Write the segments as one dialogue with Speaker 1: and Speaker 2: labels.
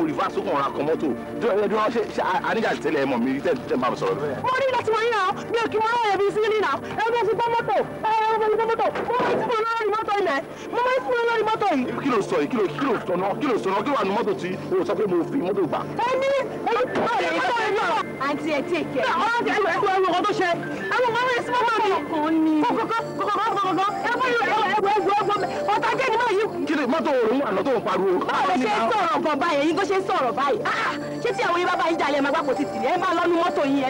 Speaker 1: mo reverse ó kàn ra kan mọ́tò dúró dúró ṣe ṣe àníjà tẹ́lẹ̀ ẹ mọ̀ mi tẹ́ tẹ́ bá mi sọ̀rọ̀. mo
Speaker 2: ní láti wọ̀nyí náà mi ò kí mo rọrùn bí sí nínà ẹ bá ti gbọ́ mọ́tò ẹ bá ti gbọ́ mọ́tò mo ní tí mo
Speaker 1: lọ́rùn mọ́tò ilẹ̀ mo báyìí. kí ló sọ yìí kí ló kí ló sọ náà kí ló sọ náà kí wà ní mọ́tò tí o sọ pé mo fi mọ́tò gbà.
Speaker 2: ó ní olùkọ́ ẹ̀ ló ń lọ. àǹtí ẹ̀ tí èké. ọ̀rọ̀ ti ẹ̀rọ ẹ̀rọ ẹ̀rọ tó ṣe. àwọn ọmọ ẹ̀ sí mi. kọ̀ọ̀kan ni.
Speaker 3: kọ̀ọ̀kan kọ̀ọ̀kan kọ̀ọ̀kan ẹ̀fọ́ ẹ̀rọ
Speaker 2: ẹ̀rọ ẹ̀rọ ẹ̀rọ ọ̀tá jẹ́ ni mọ́ yìí. kí ni mọ́tò òórùn àná tó ń pariwo. báwo ṣe ń sọ̀rọ̀ títí àwọn yín bá bá yín jalè ẹ máa gbàgbọ́ ẹ máa lọ mọ́tò yìí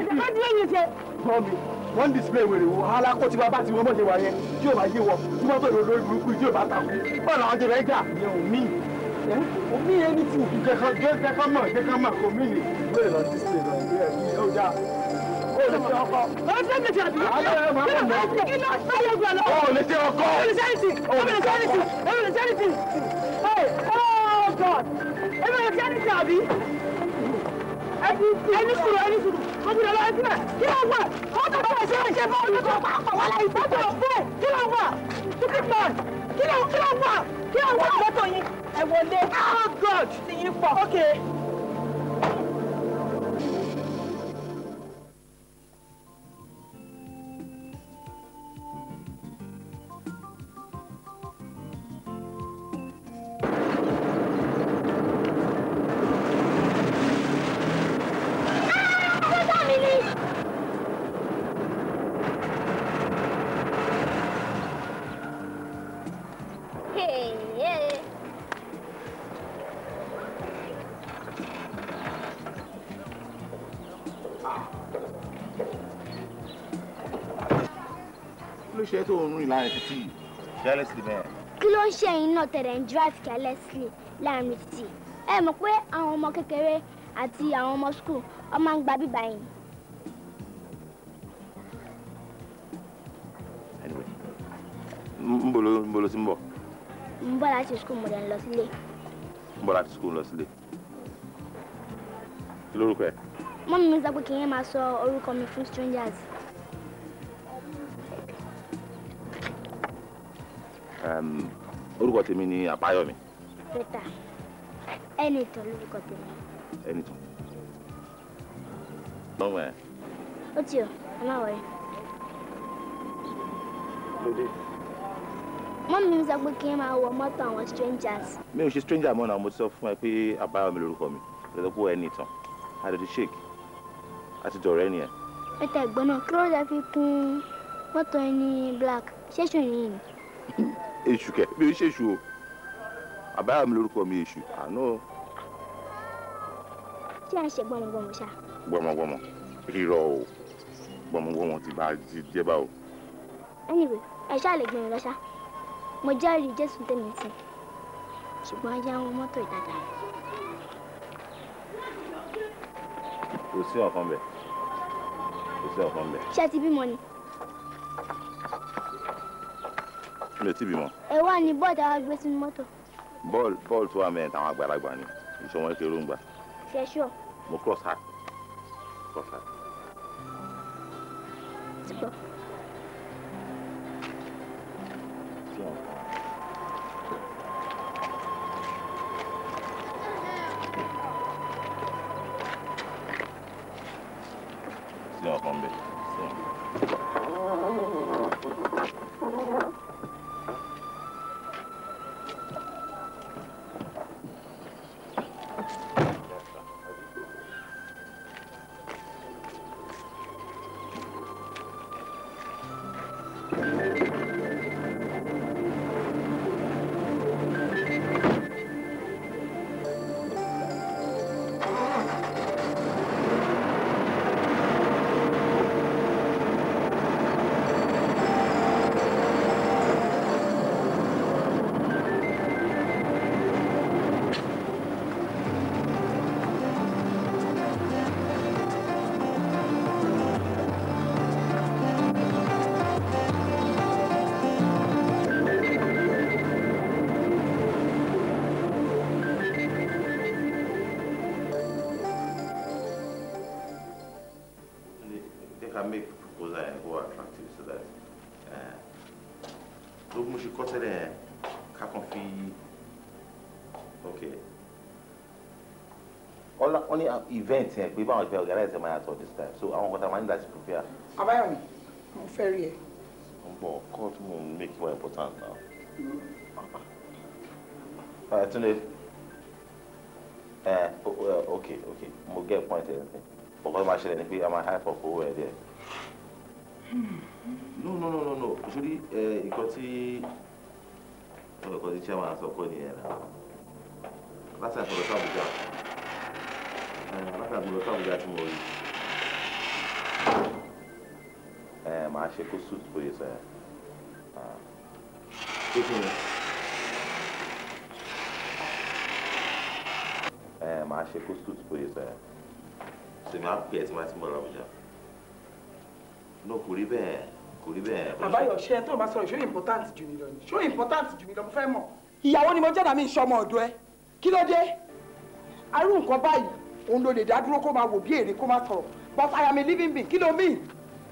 Speaker 3: ẹ
Speaker 1: lọ wọ́n display wèrè wo alákó tí bàbá tí wọ́n mọ̀ ṣe wà yẹn tí yóò bá yé wọ tí wọ́n bẹ̀rẹ̀ lórí burúkú tí yóò bá tàkú bọ́ọ̀lù àwọn jẹ̀rẹ̀ gbà yẹn ò míì omi ẹni tí òkú kẹkọ kẹkọ mọ kẹkọ mọ kò mí ni bẹ́ẹ̀ lọ sí ṣe lọ ní ẹni tó já o lè ṣe ọkọ. o ṣe mi ti àbí. alẹ́ ẹ máa ń mọ. kí ló ń bá yẹn gbà o lè ṣe ọkọ. o lè ṣe anything. o lè ṣe anything. o lè ṣe anything. oh god. ẹ bẹ̀rẹ̀ ṣe anything àbí. ẹni sùúrù ẹni sùúrù mo ti lọ ẹsẹ̀ kí ló wà. ó tọ́
Speaker 2: kí ló kí ló kí ló wà lọ́tọ̀ yín ẹ wọlé. oh god ti
Speaker 1: yín pọ̀. okay.
Speaker 4: láàrin títì carelessly bẹ́ẹ̀.
Speaker 5: kí ló ń ṣe ẹ̀yin náà tẹ̀lé ń drive carelessly láàrin títì ẹ mọ̀ pé àwọn ọmọ kékeré àti àwọn ọmọ school wọ́n máa ń Anyway, bíbá
Speaker 4: yìí. n
Speaker 5: bolo at school mo dẹ̀ ń lọ at
Speaker 4: school lọ sílé. kí lórúkọ ẹ.
Speaker 5: I mi sọ pé kí n yẹn máa sọ strangers.
Speaker 4: orúkọ tèmi ni àbáyọ̀mí.
Speaker 5: peter ẹnìtàn lórúkọ tèmi.
Speaker 4: ẹnìtàn lọ́wọ́ ẹ̀.
Speaker 5: ó ti ọ ẹ má wọlé. lóde. mọ́mí mi sọ pé kí n máa wọ mọ́tò àwọn strangers.
Speaker 4: mi ò ṣe stranger mọ́ náà mo ti sọ fún ẹ pé àbáyọ̀mí lórúkọ mi lọ́dọ̀kọ́ ẹnìtàn àdòdì shake àti dọ̀rẹ́ nìyẹn.
Speaker 5: peter ẹ̀gbọ́n náà kí ló dé fi kún mọ́tò ẹni black ṣé ṣòyìn yìí
Speaker 4: èṣù kẹ mi ò ṣèṣù o àbáyọ mi lórúkọ mi èṣù àánú.
Speaker 5: ṣé a ṣe gbọmọgbọmọ ṣá.
Speaker 4: gbọmọgbọmọ rírọ o gbọmọgbọmọ ti bá a jẹ bá o.
Speaker 5: anyway ẹ ṣáà lè gbìyànjú lọ ṣá mo jẹ́rìí jésù tèmi sí ṣùgbọ́n ajá wọn mọ́tò ìtajà rẹ̀.
Speaker 4: kò sí ọ̀kan bẹ̀ kò sí ọ̀kan bẹ̀.
Speaker 5: ṣé ẹ ti bímọ ni kí ló ti bímọ. ẹ wá ní bọ́ọ̀lù táwọn gbé sínú mọ́tò.
Speaker 4: bọ́ọ̀lù bọ́ọ̀lù tó wà mẹ́rin táwọn àgbàlagbà ni ìṣọ́ wọn kéré ń gbà. ṣẹṣọ. mo cross heart cross heart. can make proposal and go attractive so that eh, tó mú ṣe kọ́tẹ́lẹ̀ yẹn ká kàn fi ok ọlá wọn ní ah, event yẹn pé báwọn ṣe organize ẹ̀ máa yàtọ̀ this time so àwọn nǹkan a máa ní láti prepare.
Speaker 1: abáyọ̀mí mo fẹ́ rí ẹ.
Speaker 4: n bọ court mo n make it more important now. Mm-hmm. Eh, Túndé ẹ eh, ok ok mo get point ẹ ọkọ tó máa ṣẹlẹ̀ ni pé a máa high for owó ẹ díẹ̀ no no no no no sórí eh, nǹkan tí nǹkan tí chairman sọ pé nìyẹn náà láti àtọ̀rọ̀ sí Àbújá eh, láti àtọ̀rọ̀ sí Àbújá tí mo rí eh, màá ṣe kó suit bóyá sọ yẹn pé ah. kí ni. màá ṣe kó suit bóyá sọ yẹn. sèmi á pè ẹ́ tí màá ti mọ̀ ọ́ Àbújá no kò rí bẹ́ẹ̀ kò rí bẹ́ẹ̀. àbáyọ
Speaker 1: ṣe ẹ Show o bá sọ̀rọ̀ ṣó important jù mí lọ ni ṣó important jù mí lọ mo fẹ́ mọ̀. ìyàwó ni mo jẹ́ dàmí ìṣọmọ ọ̀dọ́ ẹ kí ló dé arú nǹkan báyìí òun ló lè dá dúró kó máa wò bí èrè but I am a living being kí me. mean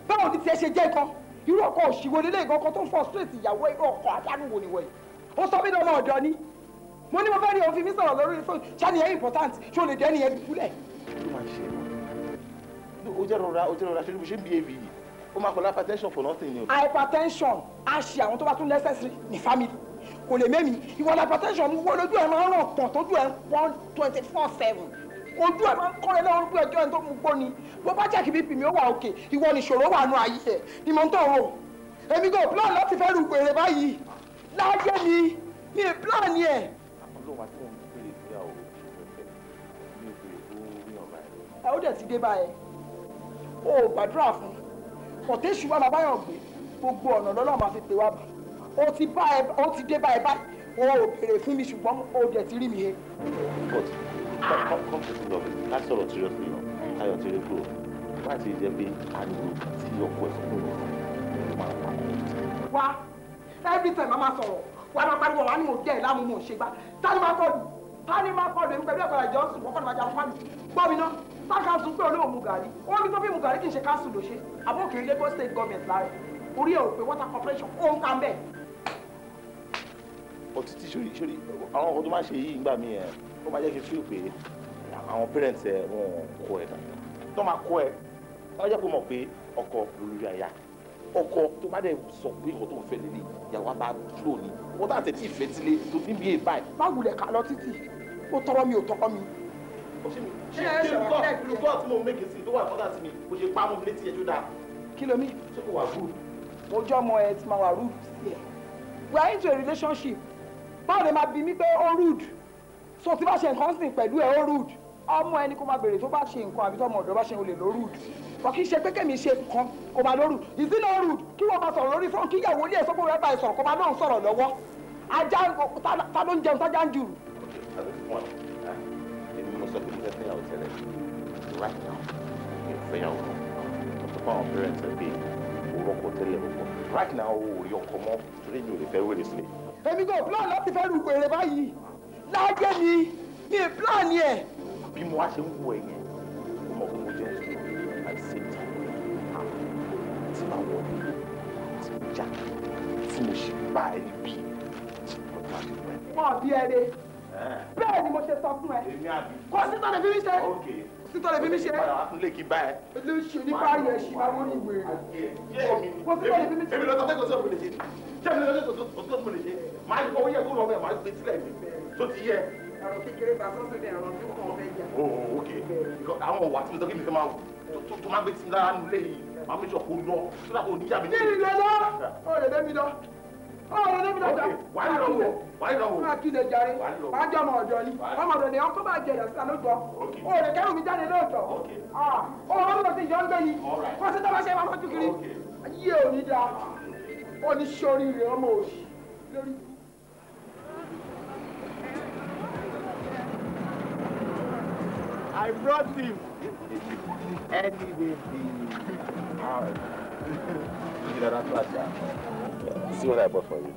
Speaker 1: báwo ni tiẹ̀ ṣe jẹ́ You irú ọkọ She nílé ìgbọ́n kan tó ń frustrate ìyàwó irú ọkọ àdánù go nìwọ̀ yìí ó sọ mí lọ́mọ ọ̀dọ́ ni mo ní mo fẹ́ rí òun fi mí sọ̀rọ̀ lórí fóònù ṣáni ẹ̀ important ṣé o lè dẹ́ni ẹ̀ dúkúlẹ̀. ó jẹ́ rọra ó jẹ́ I should be ṣe bí ó máa pẹ̀lú hypertension for nothing ni o. hypertension á ṣe àwọn tó bá tún necessary ní family kò lè mẹ́mi ìwọ̀n hypertension mú wọ́n lójú ẹ̀ máa ń ràn tàn tójú ẹ̀ one twenty four seven ojú ẹ̀ máa ń kọ́rẹ́ náà orúkọ ẹjọ́ ẹ̀ tó mú gbó ni bó bá jẹ́ kí bíbí mi ó wà òkè ìwọ ni ìṣòro wà nù ayé ẹ̀ ni mo ń tọ̀ o èmi kò plan láti fẹ́ lu gbèrè báyìí láyé mi mi ì plan yẹ. ẹ ó dẹ̀ ti dé báyẹn o gbàdúrà fún ọ̀tẹ́sù wa bàbá yàn gbé gbogbo ọ̀nà lọ́lọ́run máa fi pè wá bá ó ti bá ẹ ó ti dé bá ẹ báyìí o ò béèrè fún mi ṣùgbọ́n o dẹ̀ ti rí mi he. but
Speaker 4: come come to think of it ká sọ̀rọ̀ seriously náà káyọ̀ ti rí kúrò láti jẹ́ pé ariwo tí ọkọ ẹ̀ fún mi máa wà ní
Speaker 1: wá every time a máa sọ̀rọ̀ wà á máa pariwo wà á ní òjẹ́ ẹ̀ láàmú mò ń ṣe gbá tani máa kọ́ ni tani máa kọ́ ni pẹ̀lú ẹ̀kọ́ ìjọ́sìn wọ́pọ̀ ni máa jà fún mi gbọ́ mi náà táka sùn pé olóò mu gàrí wọn ní tó fi mu gàrí kì í ṣe káàsù ló ṣe àbókè Lagos State government lára orí ẹ ò pé water corporation ó ń ta ń bẹ.
Speaker 4: ọtí tí sori sori àwọn ọkọ tó máa ṣe yìí ńgbà mí ẹ ó máa jẹ́ kí n fíl pé àwọn parents ẹ wọn kọ ẹ dà tó máa kọ ẹ wọn jẹ́ kó mọ̀ pé
Speaker 1: ọkọ lórí àyà ọkọ tó bá dẹ̀ sọ pé nǹkan tó ń fẹ́ lélẹ̀ ìyàwó àbá lò ní wọ́n tà tẹ̀ tí ì fẹ́ sílé tó níbi èèbá ẹ̀ má wulẹ̀ ká lọ títì ó tọrọ mi ò tọrọ mi ṣé mo jọ ọmọ ẹ ti máa wà rúù we are into a relationship báwo ni máa bí mi pé ó rude so tí bá ṣe nǹkan sìn pẹ̀lú ẹ ó rude ọmọ ẹni kó máa béèrè tó bá ṣe nǹkan àbí tọmọ ọ̀dọ́ bá ṣe olè ló rude wọ́n kì í ṣe pé kẹ́mi ṣe nǹkan kò máa lóru ìdí náà rude kí wọ́n máa sọ̀rọ̀ lórí fún kíyàwó ilé ẹ̀sọ́ pòwé bá ẹ sọ̀rọ̀ kó máa náà sọ̀rọ̀ lọ́wọ́ ajá ta ló ń jẹun tájá ń jùrù
Speaker 4: right now. You're fair. But upon our parents are being orúkọ tẹ́lẹ̀ orúkọ. Right now, o rí ọkọ mọ́ torí mi ò lè fẹ́ wèrè
Speaker 1: sílẹ̀. Èmi kò plan láti fẹ́ rúkọ èrè báyìí. Láyé mi, mi ì plan yẹn. Bí mo wá ṣe ń wo ẹ̀yìn, mo mọ̀ pé mo jẹ́ àìsèta àmì ah, tí màá wọ̀ ní tí mo já tí mo ṣe bá ẹni bí ọ̀tá mi pẹ́. Mọ̀ bí ẹ de. Eh. Bẹ́ẹ̀ ni mo ṣe sọ fún ẹ. Èmi àbí. Kò sí sọ́dọ̀ fi mí ṣe. Okay títọ́ lè fi mí ṣe. lè kí bá ẹ. ló ṣe nípa ayọ̀ ẹ̀ṣì máa wọ́n ìwé rẹ̀. wọ́n títọ́ lè fi mí ṣe. èmi lọ sọ́tẹ́ kò sí òfin lè ṣe. ṣé èmi lọ sọ́tẹ́ kò sí òfin lè ṣe. máa ń fọwọ́ yẹ kó lọ́wọ́ ẹ̀ máa ń gbé sílẹ̀ mi. tó ti yẹ. ọ̀rọ̀ kékeré bàbá mi bẹ̀rẹ̀ ọ̀rọ̀ tó kàn fẹ́ jà. ooo oh, ok àwọn ọ̀wà tí mo tọ́ kí mi fẹ́ máa tó máa gbé sí mi lára nulẹ̀ yìí máa mi sọ kó lọ ọ̀rọ̀ lẹ́mi lọ́jà wàá lọ wò wàá lọ wò máa kílẹ̀ jàre máa jọ ọmọ ọ̀dọ̀ yìí ọmọ ọ̀dọ̀ ni ọkọ máa jẹ̀yà sí àlójọ òòrè kẹrù mi jáde lóòótọ́ ọ̀rọ̀ lọ sí ìjọ yìí wọ́n ti dábàá ṣe máa fọ́jú kiri ayé òní da oníṣòríire ọmọ òṣì lórí. I brought him. Anyway, the house. You know that yeah.
Speaker 4: See what I bought for you.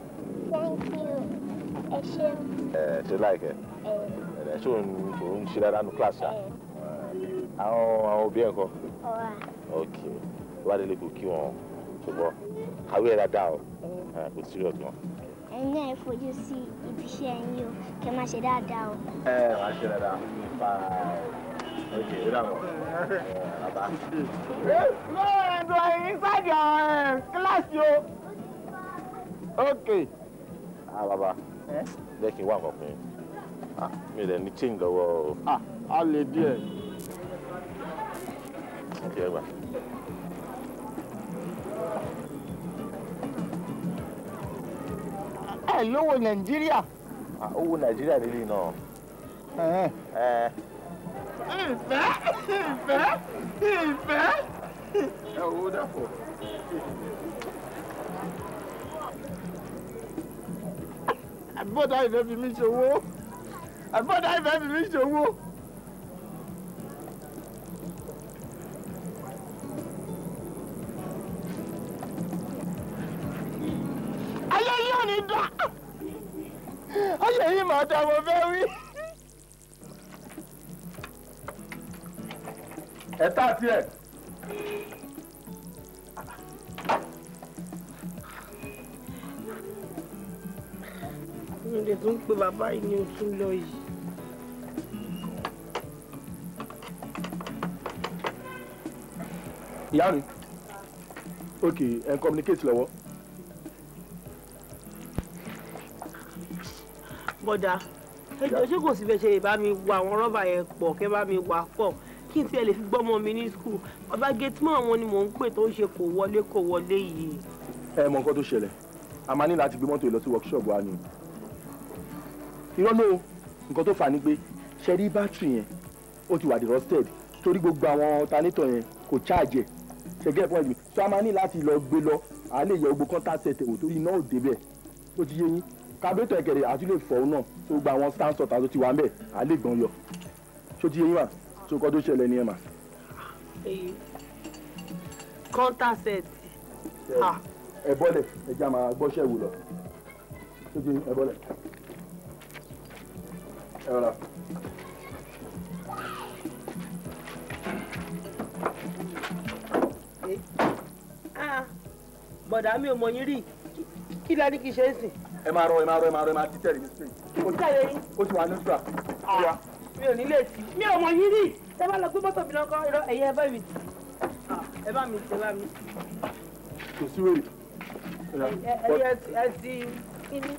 Speaker 5: Thank you. I should.
Speaker 4: Ẹ ṣe láìkẹ́. Ẹ ṣe òun kò ń ṣe dáadáa nu class ṣá. Àwọn àwọn òbí ẹ̀ kọ́. Ọ̀rá. Ok. Ìwádìí lè kò I wọn ṣùgbọ́n kàwé ẹ̀ dáadáa o. Kò sí ọ̀dùn wọn.
Speaker 5: Ẹ̀yin náà fojú sí ibi iṣẹ́ yín o. Kẹ́ máa ṣe dáadáa o.
Speaker 1: Ẹ
Speaker 4: máa ṣe dáadáa. Bye. Ok, ó
Speaker 1: to inside your uh, class yo. okay.
Speaker 4: ah baba eh? jẹ́ kí n wá nǹkan fún yín ah, mi rẹ̀ ní change lọ́wọ́ o. Ah, a lè díẹ̀. ọkẹ́ ẹgbà.
Speaker 1: ẹ lówó nàìjíríà.
Speaker 4: Ah, owó nàìjíríà nílé náà. Eh. Eh.
Speaker 3: ìfẹ́ ìfẹ́ ìfẹ́ ẹ owó dàpọ̀.
Speaker 1: àbúbọ̀dá ìfẹ́ fi mí ṣòwò àbúbọ̀dá ìfẹ́ fi mí ṣòwò. ayé yìí ò you dá ayé yìí màá dá mo fẹ́ wí. ẹ tá a tiẹ̀.
Speaker 2: Oúnjẹ tó ń pe bàbá yìí ni o lọ yìí.
Speaker 1: Ìyá mi, ok, ẹ̀ ń communicate lọ́wọ́.
Speaker 2: Bọ̀dà, ẹ jọ̀ọ́ ṣé kò sí bẹ́ẹ̀ ṣe ìbá mi wà àwọn rọ́bà yẹn pọ̀ kẹ́ bá mi wà pọ̀ kí n tiẹ̀ lè fi gbọ́mọ mi ní skul bàbá gateman àwọn ni mò ń pè
Speaker 1: tó ń ṣe kò wọlé kò wọlé yìí. ẹ mọ nǹkan tó ṣẹlẹ̀ a máa ní láti gbé mọ́tò lọ sí workshop wa ni irọ́ ló nǹkan tó fà ní pé ṣe rí bátìrì yẹn ó ti wà dé rusted torí gbogbo àwọn tanítọ̀ yẹn kò ṣáàjẹ̀ ṣẹ̀gẹ́ ẹ̀fọ́ ẹ̀jẹ̀ so a máa ní láti lọ gbé lọ à lè yẹ gbogbo contact set wò torí iná ò débẹ̀ ó ti yé yín kábẹ́tọ̀ ẹ̀kẹ̀rẹ̀ àti lè náà tó àwọn stand tó ti wà ń bẹ̀ à lè gbọ́n yọ ṣó ti yé yín wà so kọ́ tó ṣẹlẹ̀ ní ẹ̀ mà. kọ́ńtà ẹ bọ́lẹ̀ ẹ já máa gbọ́ṣẹ́ wù lọ sókè ẹ bọ́lẹ̀ ẹ rọra. bọ̀dà mi ò mọ yín rí kí la ní kí ṣe é sìn. ẹ máa rọ ẹ máa rọ ẹ máa rọ ẹ máa títẹ̀ rí mi sí ti wà ní ìtura mi ò ní lè sí
Speaker 2: mi ò mọ yín rí ẹ bá lọ gbé mọ́tò mi lọ́kọ́ irọ́ ẹ̀yẹ ẹ bá mi tì ẹ bá mi tì ẹ bá
Speaker 1: mi. kò sí wèrè. ẹyẹ ẹ ti kíní.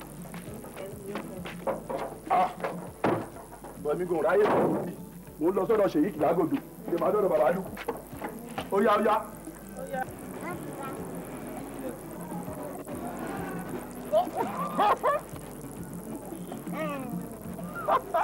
Speaker 1: bọ̀mí gùn ráyè sọ̀rọ̀ òbí mo ń lọ sọ́dọ̀ ṣèyí kìlágòdò ṣe máa dọ̀dọ̀ bàbá dùn ó yá ó yá.
Speaker 3: Ha ha ha!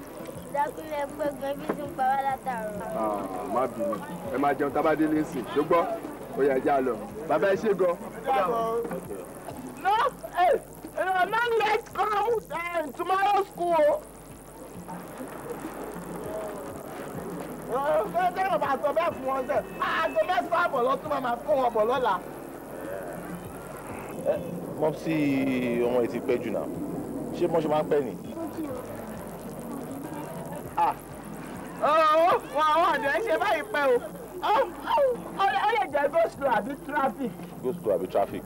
Speaker 5: dákúlẹ̀ gbẹ̀gbẹ̀ bí ti ń pa wá látàárọ̀.
Speaker 1: Ah, má bínú ẹ máa jẹun tá a bá délé ń sìn ṣó gbọ́ ó yẹ ẹja lọ bàbá ẹ ṣe gan. no uh, mom let's go uh, tomorrow school. fẹ́ẹ́ tẹ́wọ̀n bá sọ bẹ́ẹ̀ fún wọn sẹ́ ah, aago mẹ́sàn-án àbọ̀ lọ́tún máa máa fún wọn bọ̀ lọ́la.
Speaker 4: mọ́pì ọmọ yìí náà ṣé mọ́ṣẹ́ máa ń pẹ́ nìyí.
Speaker 1: ooo wọn àwọn ọ̀dọ́ ẹ ṣe Oh, oh! o ó lè jẹ́ go slow àbí traffic.
Speaker 4: go slow àbí traffic.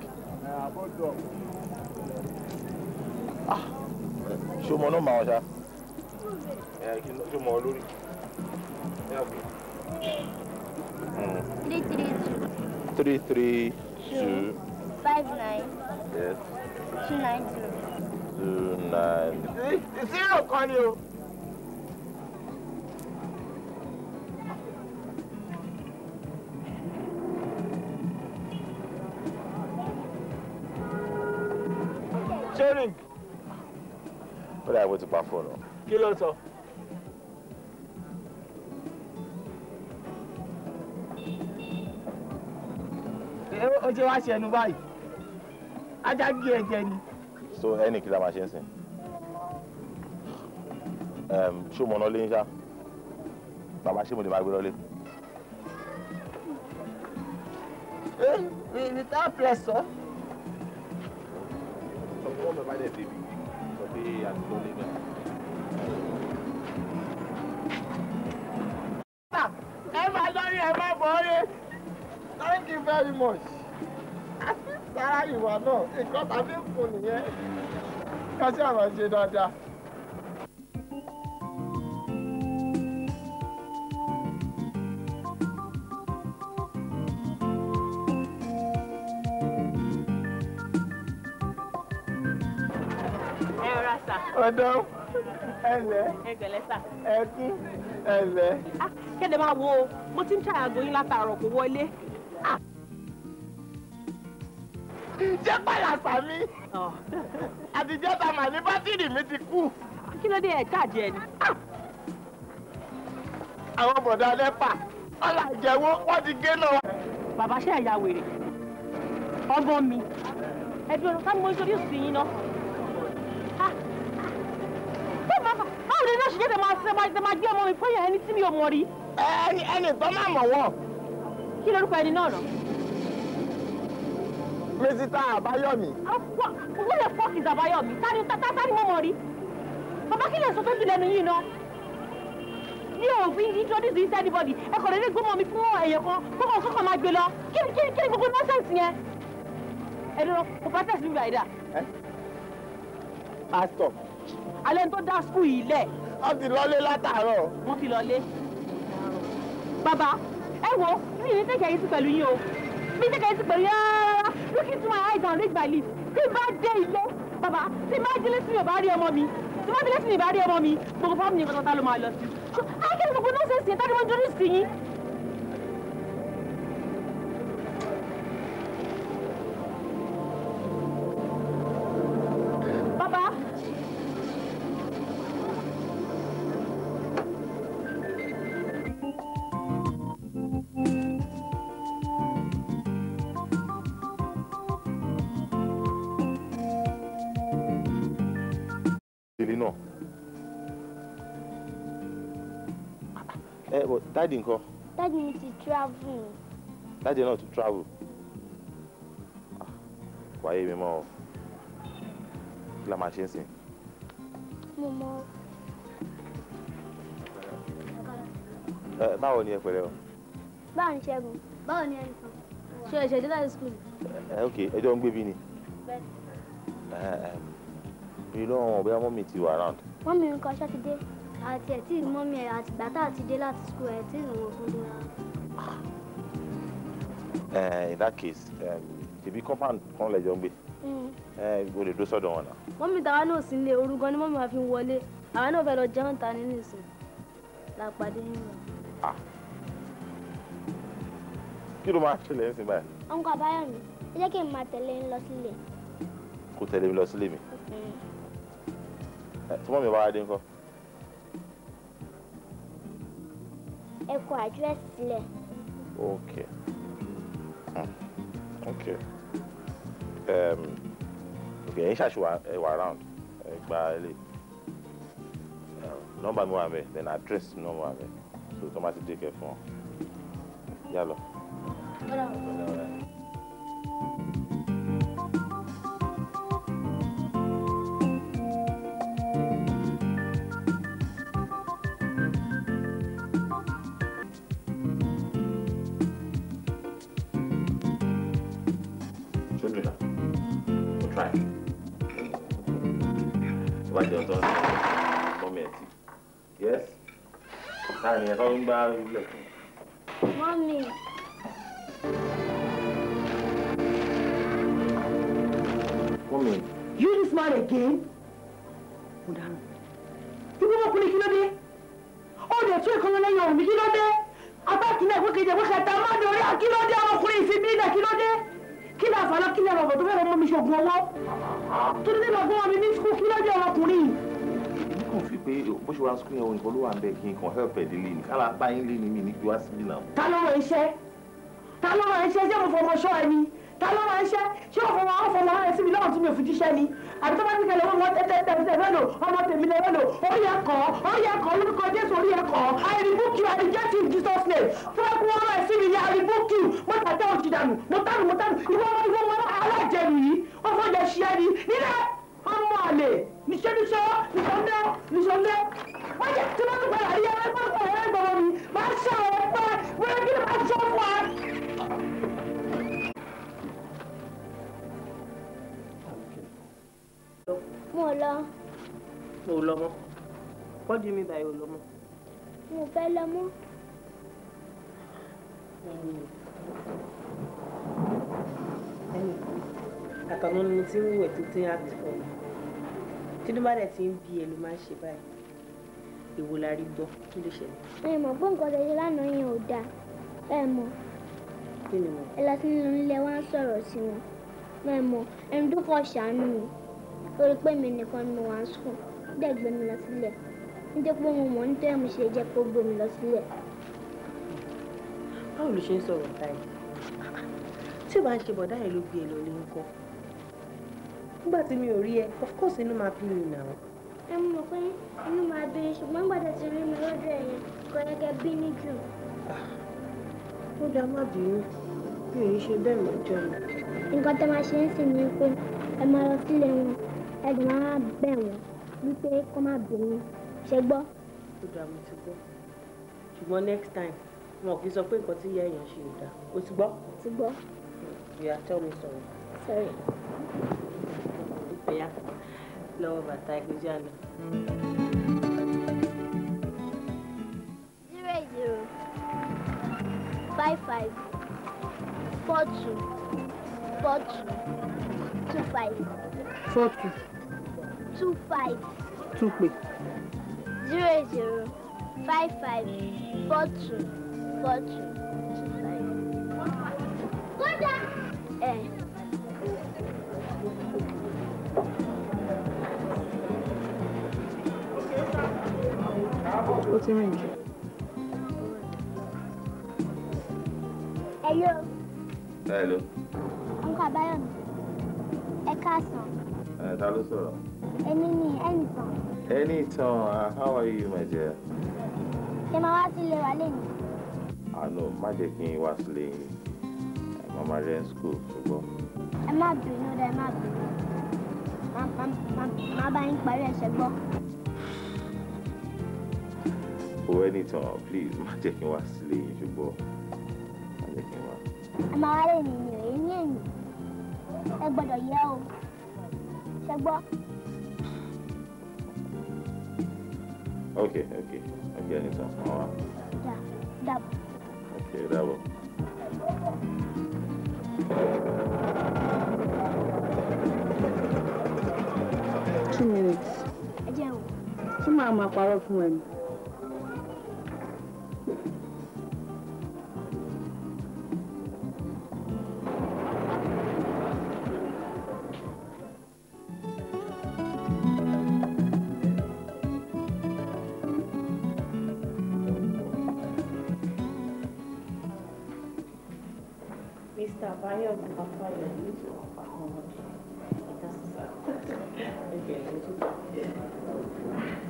Speaker 4: Ah, show me ṣé o mọ nọ́mbà wọn ṣá. ṣé o mọ olórí.
Speaker 5: three three two.
Speaker 4: three three
Speaker 5: two. five nine.
Speaker 4: yes. two nine two, two nine.
Speaker 1: zero call you. Oh.
Speaker 3: ring.
Speaker 4: ó dà bó ti pa fóònù.
Speaker 1: kí ló sọ. ó ṣe wá ṣẹnu báyìí ajá gé ẹ̀jẹ̀ ni.
Speaker 4: so ẹnì kí la máa ṣe ń sìn ṣó mọ náà lé ń ṣá bàbá ṣé mo lè máa gbé lọ́lé.
Speaker 1: without pressure
Speaker 4: bá dẹ̀ débi sọ pé àtúntò lè gbà.
Speaker 1: ẹ máa lọ́rí ẹ I bọ̀ ọ́rẹ́ thank you very much sára ìwà náà nǹkan you, kù nìyẹn ká sí àwọn ṣe dáadáa. madam
Speaker 2: ẹlẹ ẹgbẹlẹ sà ẹkún ẹlẹ. Ah, kéde máa wo mo ti ń ṣàyàgò yín látàárọ̀ kò wọlé. Ah. Oh. jẹ́
Speaker 1: pàyàsà mi àtijọ́ ta mà ní bátìrì mi ti kú. kí ló dé ẹ̀ káàdì ẹ̀ ni. Ah. àwọn bọ̀dá lẹ́pà ọ̀là ìjẹ̀wó wọ́n ti gé náà. bàbá ṣe ẹ̀yà wèrè ọgbọ́n mi
Speaker 2: ẹ̀dùn ọ̀rọ̀ ká mú ojú yóò sí yín náà. ṣe tẹ máa ṣe tẹ máa gbé ọmọ mi fún ẹni tí mi ò mọ̀ rí. ẹni ẹni tó máa mọ̀ wọ́n. kí lorúkọ ẹni náà nà. mísítà àbáyọ̀mí. wọ́n lè fọ́ọ̀kì àbáyọ̀mí tani tani mo mọ̀ rí. bàbá kí lè sọ tó dùn lẹ́nu yìí náà. mi ò fi introduce you to anybody ẹ kọ̀ lórí gbọ́mọ mi fún ẹ̀yẹ̀ kan kọ́kọ́ kọ́kọ́ máa gbé lọ kí ni kí ni gbogbo nọ́ọ̀sẹ̀ǹsì yẹn. ẹ dúró kò
Speaker 1: bá tẹ̀sí mi gbà yìí dà. pásítọ̀. alẹ́ ń tó dá skul yìí lẹ̀ wọ́n ti lọlé látàárọ̀. wọ́n ti lọlé. bàbá ẹ
Speaker 2: wo mi ò ní tẹ̀kẹ̀ yìí sí pẹ̀lú yín o mi tẹ̀kẹ̀ yìí sí pẹ̀lú yín rárá look into my eyes and read my lips tí bá dé ilé bàbá tí má délé sí mi ò bá rí ọmọ mi tí má délé sí mi ò bá rí ọmọ mi gbogbo fáwọn mi nìkan tó ta ló máa lọ sí. akẹ́kọ̀ọ́ gbogbo náà ṣe é sí ẹ̀ tá
Speaker 4: dáàdì ńkọ́.
Speaker 5: dáàdì mi ti travel.
Speaker 4: dáàdì not to travel. Ah, Why, mi mọ́ ọ kí la máa ṣe ń sìn. mo mọ. ẹ báwo ni ẹ pẹ̀lẹ́ o.
Speaker 5: báwo ni ṣẹ́gun báwo ni ẹnì kan ṣe ẹ̀ṣẹ̀ dé láti skul. ẹ
Speaker 4: you ẹjọ́ ń gbé bí ni. bẹ́ẹ̀ ni. ẹ ẹ mi lọ́wọ́ bóyá mọ́mì
Speaker 5: àti ẹ̀ tí mọ́mí ẹ̀ àtìgbà tá a ti dé láti school ẹ̀ tí ìrànwọ́ fún mi rárá. Ah.
Speaker 4: Eh, in that case ṣèbí compound kan lẹ́jọ́ ń gbé hmm. eh, o lè dó sọ́dọ̀ wọn náà.
Speaker 5: mọ́mí tàwa náà sì ń lé òru gan ni mọ́mí wa fi ń wọlé àwa náà fẹ́ lọ jẹun ta nínú ìsìn la pàdé nínú.
Speaker 4: Ah. kí ló máa ṣẹlẹ̀ ńsìn báyìí.
Speaker 5: ọ̀nkọ́ àbáyọ̀mí ẹ jẹ́ kí n máa tẹ̀lé ń lọ sílé.
Speaker 4: kó tẹ̀lé mi lọ sílé mi. Hmm. Eh, tí mọ́mí bá wá dé ńkọ́.
Speaker 5: ẹ kọ address sílẹ̀.
Speaker 4: ok hmm. ok um, ok ẹ̀yin ṣàṣì wà around ẹ gba ilé nọ́mbà mi wà mẹ then address nọ́mbà wà mẹ so tọ́ ma ti dé kẹ fún ọ yálọ. Hello. Hello. bàjẹ́ ọ̀tọ̀ mọ́mí ẹ̀ tí yẹ́sì táàrin ẹ̀kọ́ ń gbá ilẹ̀ fún.
Speaker 5: mọ́mí.
Speaker 1: mọ́mí. you this man again. mo dáhùn. ìwé
Speaker 2: ọkùnrin kí ló dé? ó lè tún ìkànnì lẹ́yìn ọ̀rùn mi kí ló dé? apá kìíní ẹ̀kọ́ kejì ẹ̀kọ́ kẹta má dòrí à kí ló dé ọkùnrin ìsinmi ilẹ̀ kí ló dé? kí ló àfàlọ́ kí ló rọ̀bọ̀ tó fẹ́ lọ́mọ mi ṣoògùn
Speaker 1: owó kí ni nígbà gbọ́n mi ní skul kí lọ́jọ́ ọmọkùnrin yìí.
Speaker 4: èmi kàn fi pé bó ṣe wá skul yẹn òyìnbó ló wà ń bẹ kí n kàn help ẹ̀ délé ni kára bá yín lé ni mi ní kí wá síbí náà.
Speaker 1: ta ló ràn
Speaker 2: iṣẹ́ ta ló ràn iṣẹ́ ṣé mo fọmọ ṣọ́ ẹni ta ló ràn iṣẹ́ ṣé mo fọmọ àwọn fọmọ rẹ̀ síbi lọ́wọ́ tí mi ò fi jíṣẹ́ ni àbí tó bá ti kẹlẹ̀ ọmọ tẹ̀tẹ̀ lẹ́lò ọmọ tèmi lẹ́lò orí ẹ̀kọ́ orí ẹ̀kọ́ olùkọ́ Jésù orí ẹ̀kọ́ I rebuke you I reject you in Jesus name fún ẹkún ọmọ ẹ̀sìn mi ni I rebuke you mo tàtẹ́ òjì dànù mo tànù mo tànù ìwọ ọmọ ìwọ ọmọ alájẹnu yìí ọfọjọ ṣiẹ ni nílẹ̀ ọmọ àlè nìṣẹ́nìṣọ́ nìṣọ́ndẹ́ nìṣọ́ndẹ́
Speaker 3: wọ́n yẹ tí wọ́n tún padà yẹ wọ́n tún padà yẹ mi máa ṣe àwọn ọ̀pẹ́ wọ́n kí ni máa ṣe fún wa.
Speaker 5: mo lọ. mo lọ mọ what do you mean by o lọ mọ. mo fẹ́ lọ mọ́.
Speaker 2: ẹnì kan àtàná ni mo ti ń wẹ̀ tó ti ń àtìfọ́ tínú bá dẹ̀ ti ń bí ẹ ló máa ń ṣe báyìí èwo la rí gbọ́ kí ló ṣẹlẹ̀.
Speaker 5: ẹ mọ̀ pé nǹkan tó ṣe lánàá yẹn ò dáa ẹ mọ̀ mo. ẹ lọ sínú ilé wa ń sọ̀rọ̀ sí wọn ẹ mọ̀ ẹni tó kàn ṣàánú mi torí pé mi nìkan ni mo wà ń sùn dẹ̀ gbé mi lọ sílẹ̀ nítorí pé mo mọ̀ nítorí mo ṣe jẹ́ kó gbé mi lọ sílẹ̀. báwo
Speaker 2: ló ṣe ń sọ̀rọ̀ táyì tí ò bá ń ṣe bọ̀dá yẹn ló gbé e lọ lé ń nígbà tí mi ò rí ẹ of course inú máa bí mi nà ó.
Speaker 6: ẹ
Speaker 5: mọ̀ pé inú máa bí ṣùgbọ́n gbọ́dọ̀ ti rí mi lọ́dọ̀ ẹ̀yìn kò yẹ kẹ́ bí ah, ní jù. ó dáa má bínú bí òun ṣe bẹ́ẹ̀ mọ́ jọ ni. nǹkan tó máa ṣe ń sìn ní pé ẹ máa lọ sílé wọn ẹ máa bẹ̀ wọ́n wípé kó má bínú ṣe gbọ́.
Speaker 2: ó dáa mo ti gbọ́ ṣùgbọ́n next time wọn kì í sọ pé nǹkan tí ìyá èèyàn ṣe ò dáa o ti
Speaker 5: gbọ́. ti gbọ́.
Speaker 2: ìyá tẹ́ omi sọ̀rọ̀. sọ̀rọ̀. ya lọ́wọ́ bàtà ìgbéjà mi.
Speaker 5: five five four two four two two five. four two. two five. two ó ti rìn jù. hello. hello. uncle abayomi ẹ káàsán.
Speaker 4: ẹ ta ló sọ̀rọ̀.
Speaker 5: èmi ni ẹnìtàn.
Speaker 4: ẹnìtàn uh, how are you my dear.
Speaker 5: ṣé máa wá sílé wa lẹ́yìn.
Speaker 4: Ah, àánú má jẹ́ kí n wá sílé yín mama rẹ̀ ń school ṣùgbọ́n.
Speaker 5: ẹ má bínú dẹ má bínú má bá yín parí ẹ̀ṣẹ̀ gbọ́.
Speaker 4: or anything please má jẹ́ kí n wá sílé yín ṣùgbọ́n
Speaker 3: má jẹ́ kí n wá.
Speaker 5: ọmọ aráàlú ni èyí ní ẹ̀yìn ẹ gbọ́dọ̀ yẹ o ṣe gbọ́.
Speaker 4: okay okay okay anytime mama.
Speaker 5: dà dàbọ̀.
Speaker 4: okay dàbọ̀.
Speaker 1: two minutes. ẹ jẹun. tí màá máa parọ́
Speaker 3: fún ẹ ni.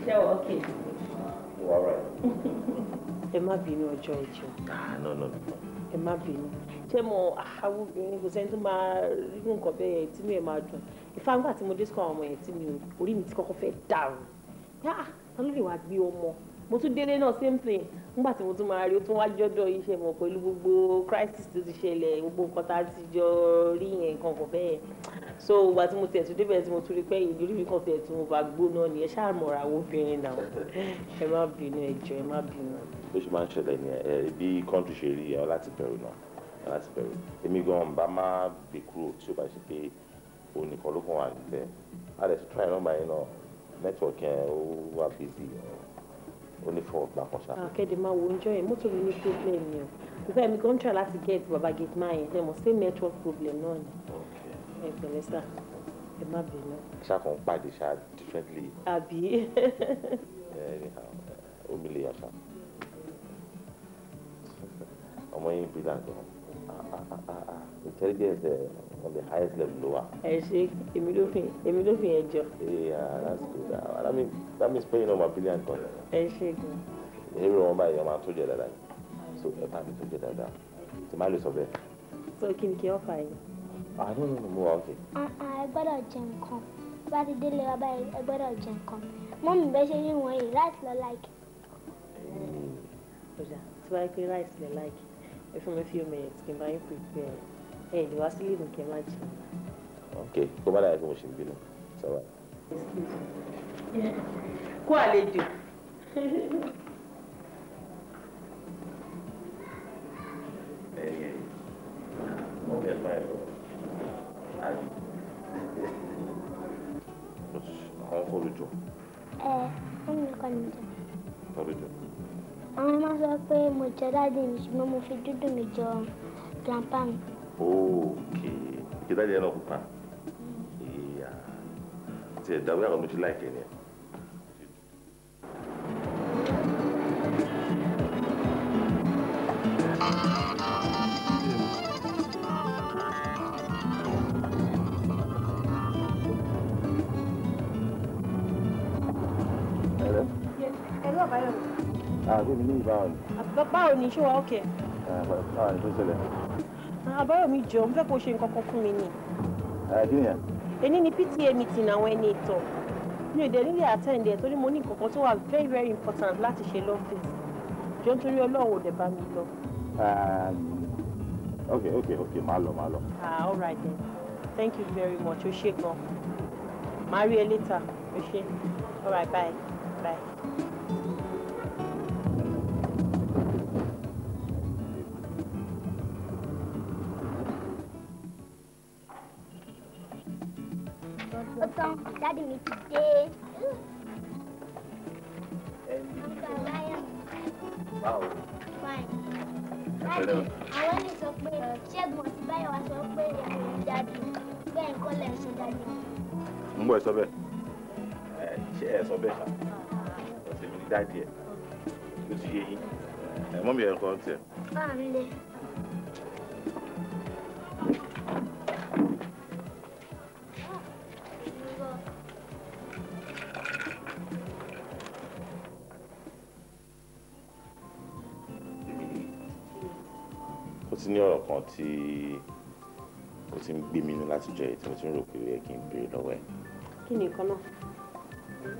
Speaker 2: ṣé wọ́n okay. wọ́n rẹ̀. ẹ má bínú ọjọ́ ìjọ. Ah, no no no. ẹ má bínú ṣé mo àwọn obìnrin kò sẹ́ni tó máa rí nǹkan bẹ́ẹ̀ yẹn tí mi ẹ̀ máa dùn ìfáǹgbà tí mo dé sùkọ́ àwọn ọmọ yẹn tí mi orí mi ti kọ́kọ́ fẹ́ dàrú yáà ta ló lè wá gbé ọmọ mo tún délé náà same thing nígbà tí mo tún máa rí o tún wá jọ́dọ̀ iṣẹ́ mọ̀ pẹ̀lú gbogbo crisis tó ti ṣẹlẹ̀ gbogbo nǹkan tá a ti jọ rí yẹn kankan bẹ́ẹ̀ so ìgbà tí mo tiẹ̀ tún débẹ̀ tí mo tún rí pé ìrírí mi kan tiẹ̀ tí mo bá gbóná ni ẹ ṣáà mọ̀ra obìnrin náà ẹ má bínú ẹ jọ̀ọ́ ẹ má bínú.
Speaker 4: bó ṣe máa ń ṣẹlẹ̀ ni ẹ bí kọ́ńtù ṣe rí ẹ láti bẹ̀rù náà ẹ láti bẹ̀rù èmi gan bá má gbé kúrò tí ó bá ṣe pé òun nìkan ló kàn wà níbẹ̀ á lè tún try nọ́mbà yẹn náà network yẹn ó wà busy ó ní fún ọgbà kan ṣáà.
Speaker 2: àkẹ́dẹ̀ máa wo oúnjẹ yẹn mọ́tò mi ní problem yẹn kò fẹ́ mi kàn ń try láti get baba gate man yẹn tẹ́ mọ̀ same network problem náà ni. Hmm ẹ pẹ̀lẹ́ sà ẹ má bínú.
Speaker 4: ṣàkó ń pàdé ṣá differently. àbí. Eh, anyhow omi eh, lè yàtọ̀ ọmọ yín bí làǹdọ̀ ah, ah, ah, intelligence eh, on the highest level ló wà. ẹ ṣe èmi ló fi èmi ló fi yẹn jọ. yeah that's good uh, that means that means paying on my billion dollar. ẹ ṣe gan. èrè wọn báyìí ọmọ àtúnjẹ dáadáa so ẹ bá mi tó jẹ dáadáa tí má lè sọ bẹ́ẹ̀.
Speaker 2: so kí ni kí ọ fà yín
Speaker 4: àánú nínú mo wà ó kè.
Speaker 5: ẹ gbọ́dọ̀ jẹ nǹkan bá ti délé wa báyìí ẹ gbọ́dọ̀ jẹ nǹkan mọ́mí bẹ́ẹ̀ ṣe yín wọ̀nyí láti lọ láìkì.
Speaker 2: ọjà tí wàá pé láìsí lẹ láìkì ẹ fún mi few minutes kí n bá yín prepare ẹ ìdí wá sílé ìdùn kí n má jẹ.
Speaker 4: ok kó má dàgbé mo ṣe ń bínú sábà.
Speaker 2: kó àlejò. Yeah.
Speaker 4: Okay, fine àbí. àwọn kọ́ ló jọ.
Speaker 5: ẹ wọ́n mi kọ́ mi jọ. kọ́ ló jọ. àwọn máa sọ pé mo jọ dáàdì mi ṣùgbọ́n mo fi dúdú mi jọ grandpa mi. ókè
Speaker 4: ìjọba ìdílé ni Thank you. àbí mi ní ìbáwọ̀ ni.
Speaker 2: báwo ni ṣé wàá òkè.
Speaker 4: Ah, báwo ni tó ṣẹlẹ̀.
Speaker 2: àbáwọ̀ mi jọ ń fẹ́ kó ṣe nǹkan kan fún mi ni. Eh, kí ni yẹn. èní ni PTA meeting àwọn ẹni ìtàn mi ò dé nílé àtẹ̀ǹdẹ̀ torí mo ní nǹkan kan tó wà very very important láti ṣe lọ́fíìsì jọ nítorí ọlọ́run ò dẹ̀ bá mi lọ.
Speaker 6: Um,
Speaker 4: ok ok ok máa lọ máa lọ.
Speaker 2: ah all right then thank you very much o ṣe gan-an máa rí ẹ later o ṣe all right bye bye.
Speaker 5: dádì mi ti dé. báwo. dádì àwọn ní sọ pé ṣẹ́gun ọ̀sìn báyọ̀ wá sọ pé ẹ̀rọ dádì bẹ́ẹ̀ ń kọ́lẹ̀ ṣe dádì.
Speaker 4: ń bọ̀ ẹ sọ bẹ́ẹ̀ ẹ ṣe ẹ sọ bẹ́ẹ̀ mi ní dádì ẹ ló mi ẹ̀ tí ó ti ń gbé mi ní látijọ́ yìí tí mo ti ń rò pé ó yẹ kí n béèrè lọ́wọ́ ẹ̀. kí ni nǹkan náà.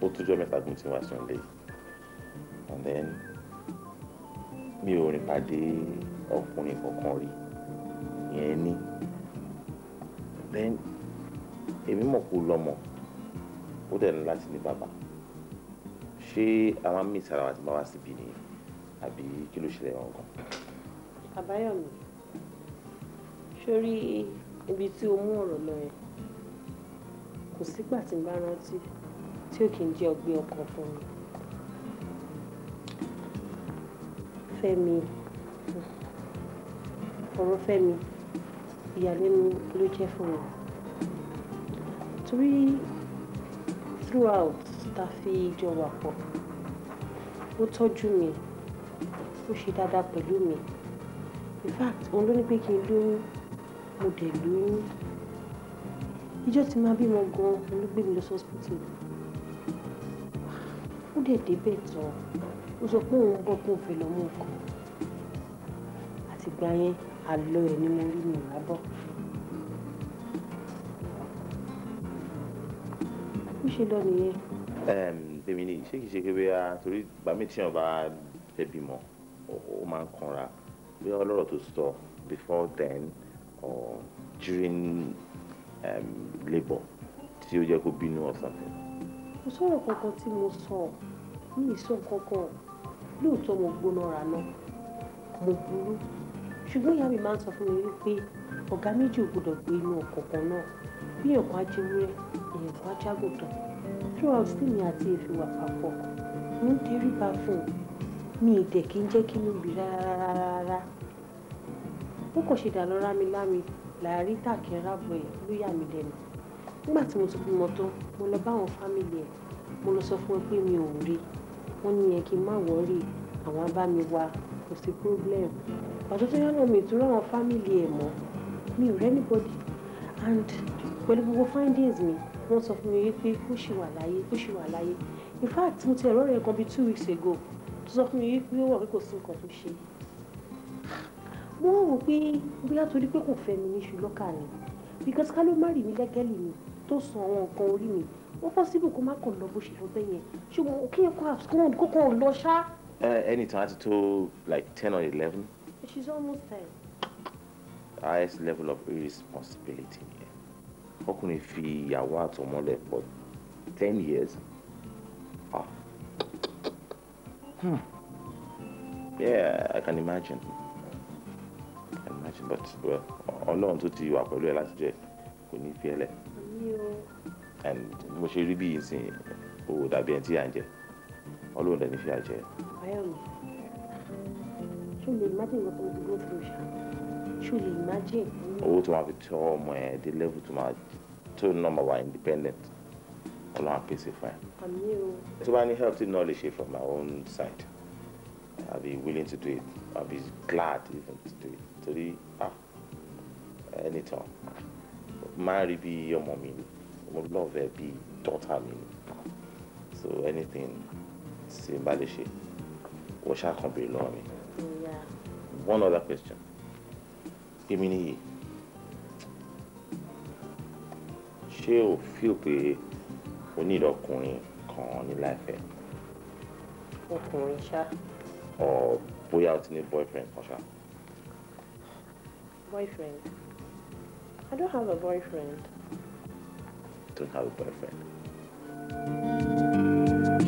Speaker 4: ó tójọ́ mẹ́ta gùn tí wàá Sunday and then mi ò rìn pàdé ọkùnrin kankan rí ìyẹn ní then èmi mọ̀ kó lọ́mọ ó dẹ̀ ní láti ní bàbá ṣé àwọn mí sara wa ti bá wa síbi ni àbí kí ló ṣẹlẹ̀ wọn gan.
Speaker 2: àbáyọ̀mí sórí ibi tí o mú ọ̀rọ̀ lọ yẹn kò sígbà tí n bá rántí tí ò kì í jẹ́ ọgbẹ́ ọkàn fún mi. Fẹ́mi ọ̀rọ̀ Fẹ́mi ìyàlẹ́nu ló jẹ́ fún mi torí throughout ta fi jọ wà pọ̀ ó tọ́jú mi ó ṣe dáadáa pẹ̀lú mi in fact òun ló ní pé kí n lóyún mo dẹ̀ lóyún ìjọ tí máa bímọ gan-an ló gbé mi lọ sọ́spítì ó dẹ̀ débẹ̀ tán ó sọ pé òun gbọ́ pé fẹ́ lọ́mọ ọkọ àtìgbà yẹn àlọ́ ẹ̀ ni mo rí mi lábọ̀. bó ṣe lọ nìyẹn.
Speaker 4: bẹ́ẹ̀ mi ni ṣé kìí ṣe pé bóyá torí bàmí tíyàn bá fẹ́ bímọ ó máa ń kanra bóyá ọlọ́rọ̀ tó sọ before then or during um, labour tí ó jẹ́ kó bínú or something.
Speaker 2: mo sọ̀rọ̀ kankan tí mo sọ ní ìsọ̀ kankan lóòótọ́ mo gbóná ra náà mo burú ṣùgbọ́n ìyá mi máa ń sọ fún mi wípé ọ̀gá méjì ò gbọdọ̀ gbé inú ọkọ̀ kan náà bí ẹ̀kọ́ ajéwúrẹ́ ẹ̀kọ́ ajágòtàn throughout tèmi àti ìfiwà papọ̀ mo ń tẹríba fún un mi ì dẹ̀ kí n jẹ́ kí n lóbi rárá rárá rárá bó kò ṣe dànù rámilámi làárí tàkẹ́ rábọ̀ ẹ̀ ló yà mí lẹ́nu nígbà tí mo ti bímọ tán mo lọ bá àwọn fámìlì ẹ̀ mo lọ sọ fún ẹ pé mi ò rí wọ́n ní yẹn kí n má wọ́ọ̀rì àwọn abá mi wá kò sí problem ọ̀dọ́ tó yánà mi ìtura àwọn fámìlì ẹ̀ mọ́ mi ò rẹ́ anybody and pẹ̀lú gbogbo findings mi wọ́n sọ fún mi wípé ó ṣì wà láyé ó ṣì wà láyé in fact mo ti ẹ̀rọ rẹ̀ kan bíi two weeks ago tó sọ fún mi wípé ó wà pé kò sí nǹkan tó ṣe mo wá wò pé bóyá torí pé kò fẹ́ mi níṣu lọ́kà ni because ká ló má rí mi lẹ́gẹ́lì mi tó san àwọn nǹkan orí mi ó possible kó má kàn lọ bó ṣe lọ bẹ́ẹ̀ yẹn ṣùgbọ́n kí yẹn kó àsùnkún kó kàn lọ ṣá.
Speaker 4: anytime á ti tó like ten or eleven.
Speaker 2: she's almost ten.
Speaker 4: highest level of irresponsibility yẹn ọkùnrin fi ìyàwó àtọmọlẹ for ten years. Ah. Hmm. Yeah, I can imagine imagine but well ọlọ́run tó ti wà pẹ̀lú ẹ láti jẹ kò ní fi ẹlẹ and mo ṣe rí bí nsìn owó dàbí ẹni tí à ń jẹ ọlọ́run dẹ̀ ní fi àjẹ.
Speaker 2: imagine nǹkan tó ń dúró fún ṣá ṣó imagine. owó
Speaker 4: tó máa fi tọ́ ọmọ ẹ dé level tó máa tó nọ́mbà wa independent ọlọ́run á pèsè fún ẹ. tó bá ní help tí knowledge lè ṣe from my own side I'll be willing to do it I'll be glad even to do it torí ah, anytime máa rí bí ọmọ mi ni mo love ẹ bí daughter mi ni so anything tí n bá lè ṣe wọ́n ṣàkàn lọ́wọ́ mi. one other question èmi nìyí ṣé o feel pé o ní ìdọkùnrin kan ní láìpẹ́.
Speaker 2: ọkùnrin ṣá.
Speaker 4: ọ bóyá o ti ní boyfriend kan ṣá
Speaker 2: boyfriend. I don't have a boyfriend.
Speaker 4: Don't have a boyfriend.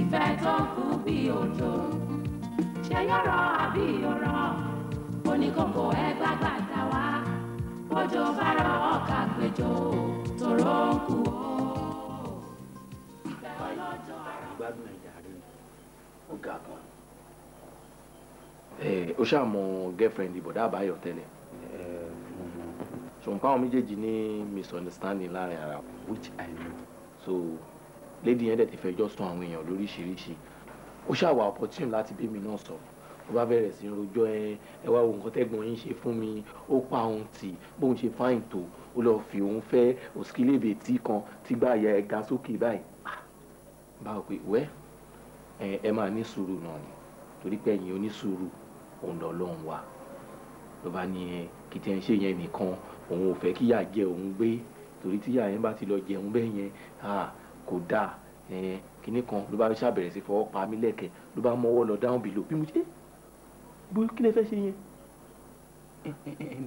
Speaker 6: Ìfẹ́ tó kú bí òjò, ṣe yọ̀rọ̀ àbí yọ̀rọ̀, oníkókó ẹgbẹ́ gbàgbà wá, bójò bá rọ ọkà péjọ, tòró ń kú
Speaker 3: ó. Ìfẹ́ ọlọ́jọ́ àrùn. Gbádùn ẹ̀dá rí ọ̀gá kan.
Speaker 1: Ó ṣàmọ̀ girlfriend ìbọ̀dá àbáyọ̀ tẹ́lẹ̀ so nǹkan àwọn méjèèjì ní misunderstanding láàrin ara which i know so lady yẹn dẹ̀ ti fẹjọ́ sùn àwọn èèyàn lóríṣiríṣi ó ṣàwà opportunity láti bí mi náà sọ̀rọ̀ ó bá bẹ̀rẹ̀ sí rojọ́ ẹ ẹ wá wo nǹkan tẹ́gbọ̀n yín ṣe fún mi ó pa òun tì bóun ṣe fáìn tó ó lọ́ọ́ fi òun fẹ́ òsìkílébè tí kan tí gbà ya ẹ ga sókè báyìí ah! báwo pé wẹ́ ẹ ẹ máa ní sùúrù náà ni torí pé ẹ̀yin onísùúrù òun lọ́ọ́ lóun wà ló bá ní ẹ yẹn nìkan òun ò fẹ́ kíyà jẹ òun gbé torí tíyà yẹn bá ti lọ jẹun bẹ́ẹ̀ yẹn kò dáa kinní kan ló bá ṣàbẹ̀rẹ̀ sí fọwọ́ pa mí lẹ́kẹ̀ẹ́ ló bá mọ́wọ́ lọ dáhùn bìlò bí mo ṣe bó kí lè fẹ́ ṣe yẹn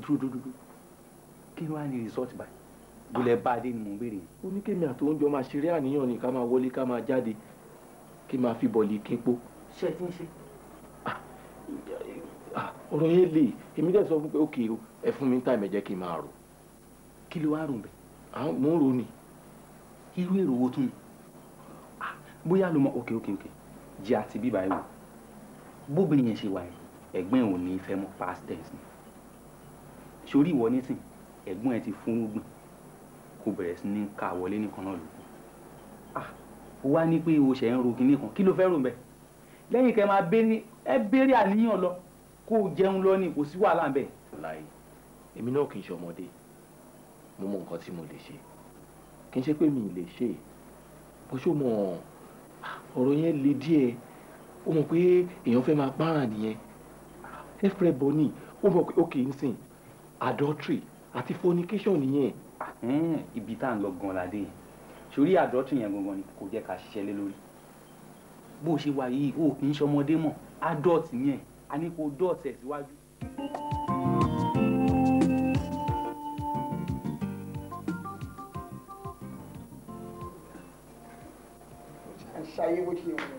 Speaker 1: dúró dúró dúró kí ló wá ní resort báyìí bó lẹ bá a dé ni mò ó ní kémi àti oúnjẹ máa ṣeré àníyàn ni ká máa wọlé ká máa jáde kí máa fi bọ̀lì kí n po. ṣé ẹ ti ń ṣe. Ah, ọ̀rọ̀ yẹn lè èmi dẹ̀ sọ fún pé ok ẹ fún mi ń tàìmẹ̀ jẹ́ kí n máa rò kí ló wá rò bẹ́ẹ̀ àwọn mò ń rò ni irú èrò wo tún ni ah, bóyá ló mọ òkè òkè òkè jẹ́ àti bíbá ẹ̀ wò bóbìnrin yẹn ṣe wà yìí ẹ̀gbọ́n ò ní fẹ́ mọ́ past tense ni sórí ìwọ nísìn ẹ̀gbọ́n ẹ ti fúnrúgbìn kò bẹ̀rẹ̀ sí ní ká wọlé nìkan náà lókun ah wá ní pé o ṣẹ̀ ń ro kinní kan kí ló fẹ́ rò bẹ́ẹ̀ lẹ́yìn kẹ́ máa bẹ́ẹ̀ ẹ bẹ́ẹ̀rẹ̀ àníyàn lọ kó o jẹun lọ ni kò sí wàhálà ń bẹ. láì èmi náà kì í ṣe ọmọdé mo mọ nǹkan tí mo lè ṣe kì í ṣe pé mi lè ṣe bó ṣó mọ ọ̀rọ̀ yẹn le díẹ̀ ó mọ̀ pé èèyàn fẹ́ máa gbáràn nìyẹn ẹ̀fẹ̀ bọ̀ ni ó mọ̀ pé ókè ń sìn adultery àti fornication nìyẹn. ibi tá à ń lọ gan ládé sórí adultery yẹn gangan ni kò jẹ́ ká ṣiṣẹ́ lé lórí bó ṣe wà yìí ó kì í ṣọmọdé mọ́ adult ni àní kò dọ́ọ̀tì ẹ̀ síwájú. ṣayé bó ṣe wù.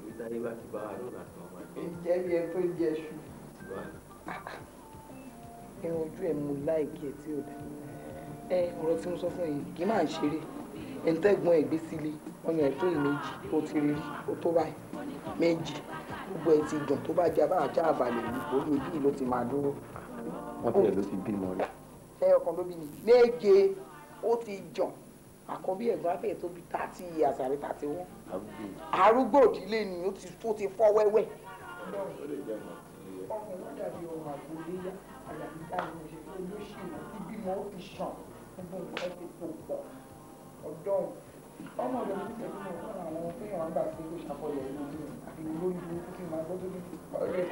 Speaker 1: ìwé táyé bá ti
Speaker 3: bá wa lọ́nà tó máa gbé.
Speaker 1: ìjẹ́ bí ẹ tó jẹ ṣu. ẹ ojú ẹ mú láìkí ẹ tí ò dá. ẹ ọ̀rọ̀ tí mo sọ fún yìí kì í máa ń ṣeré ẹ̀ńtẹ́gbọ́n ẹ̀ gbé sílé ọyàn ẹ̀ tó yìí méjì ó ti rí ó tó báyìí méjì gbogbo ẹ ti dùn tó bá jẹ abá àjá àbàlẹ̀ yìí orí ojú yìí ló ti máa dúró. wọ́n tiẹ̀ ló ti bímọ rẹ̀. ẹ ọkàn ló bí mi méje ó ti jàn àkọ́bí ẹ̀gbọ́n afẹ́ tó bí thirty years àbí thirty one. arúgbó òdílé ni ó ti tó ti fọ́ wẹ́wẹ́. ọkùnrin ló dàbí ọmọ àgbòlé yá àyàbí dáhùn òṣèlú olóṣèlú bíbí mọ́ ìṣàn gbogbo nǹkan ti tó pọ̀ ọ̀dọ́hùn ọmọ ọ̀dọ̀ mi tẹ̀lé mọ̀ fún àwọn téèyàn gbà sí kó ṣàkọlẹ̀ ìlú mi àti olórí ẹ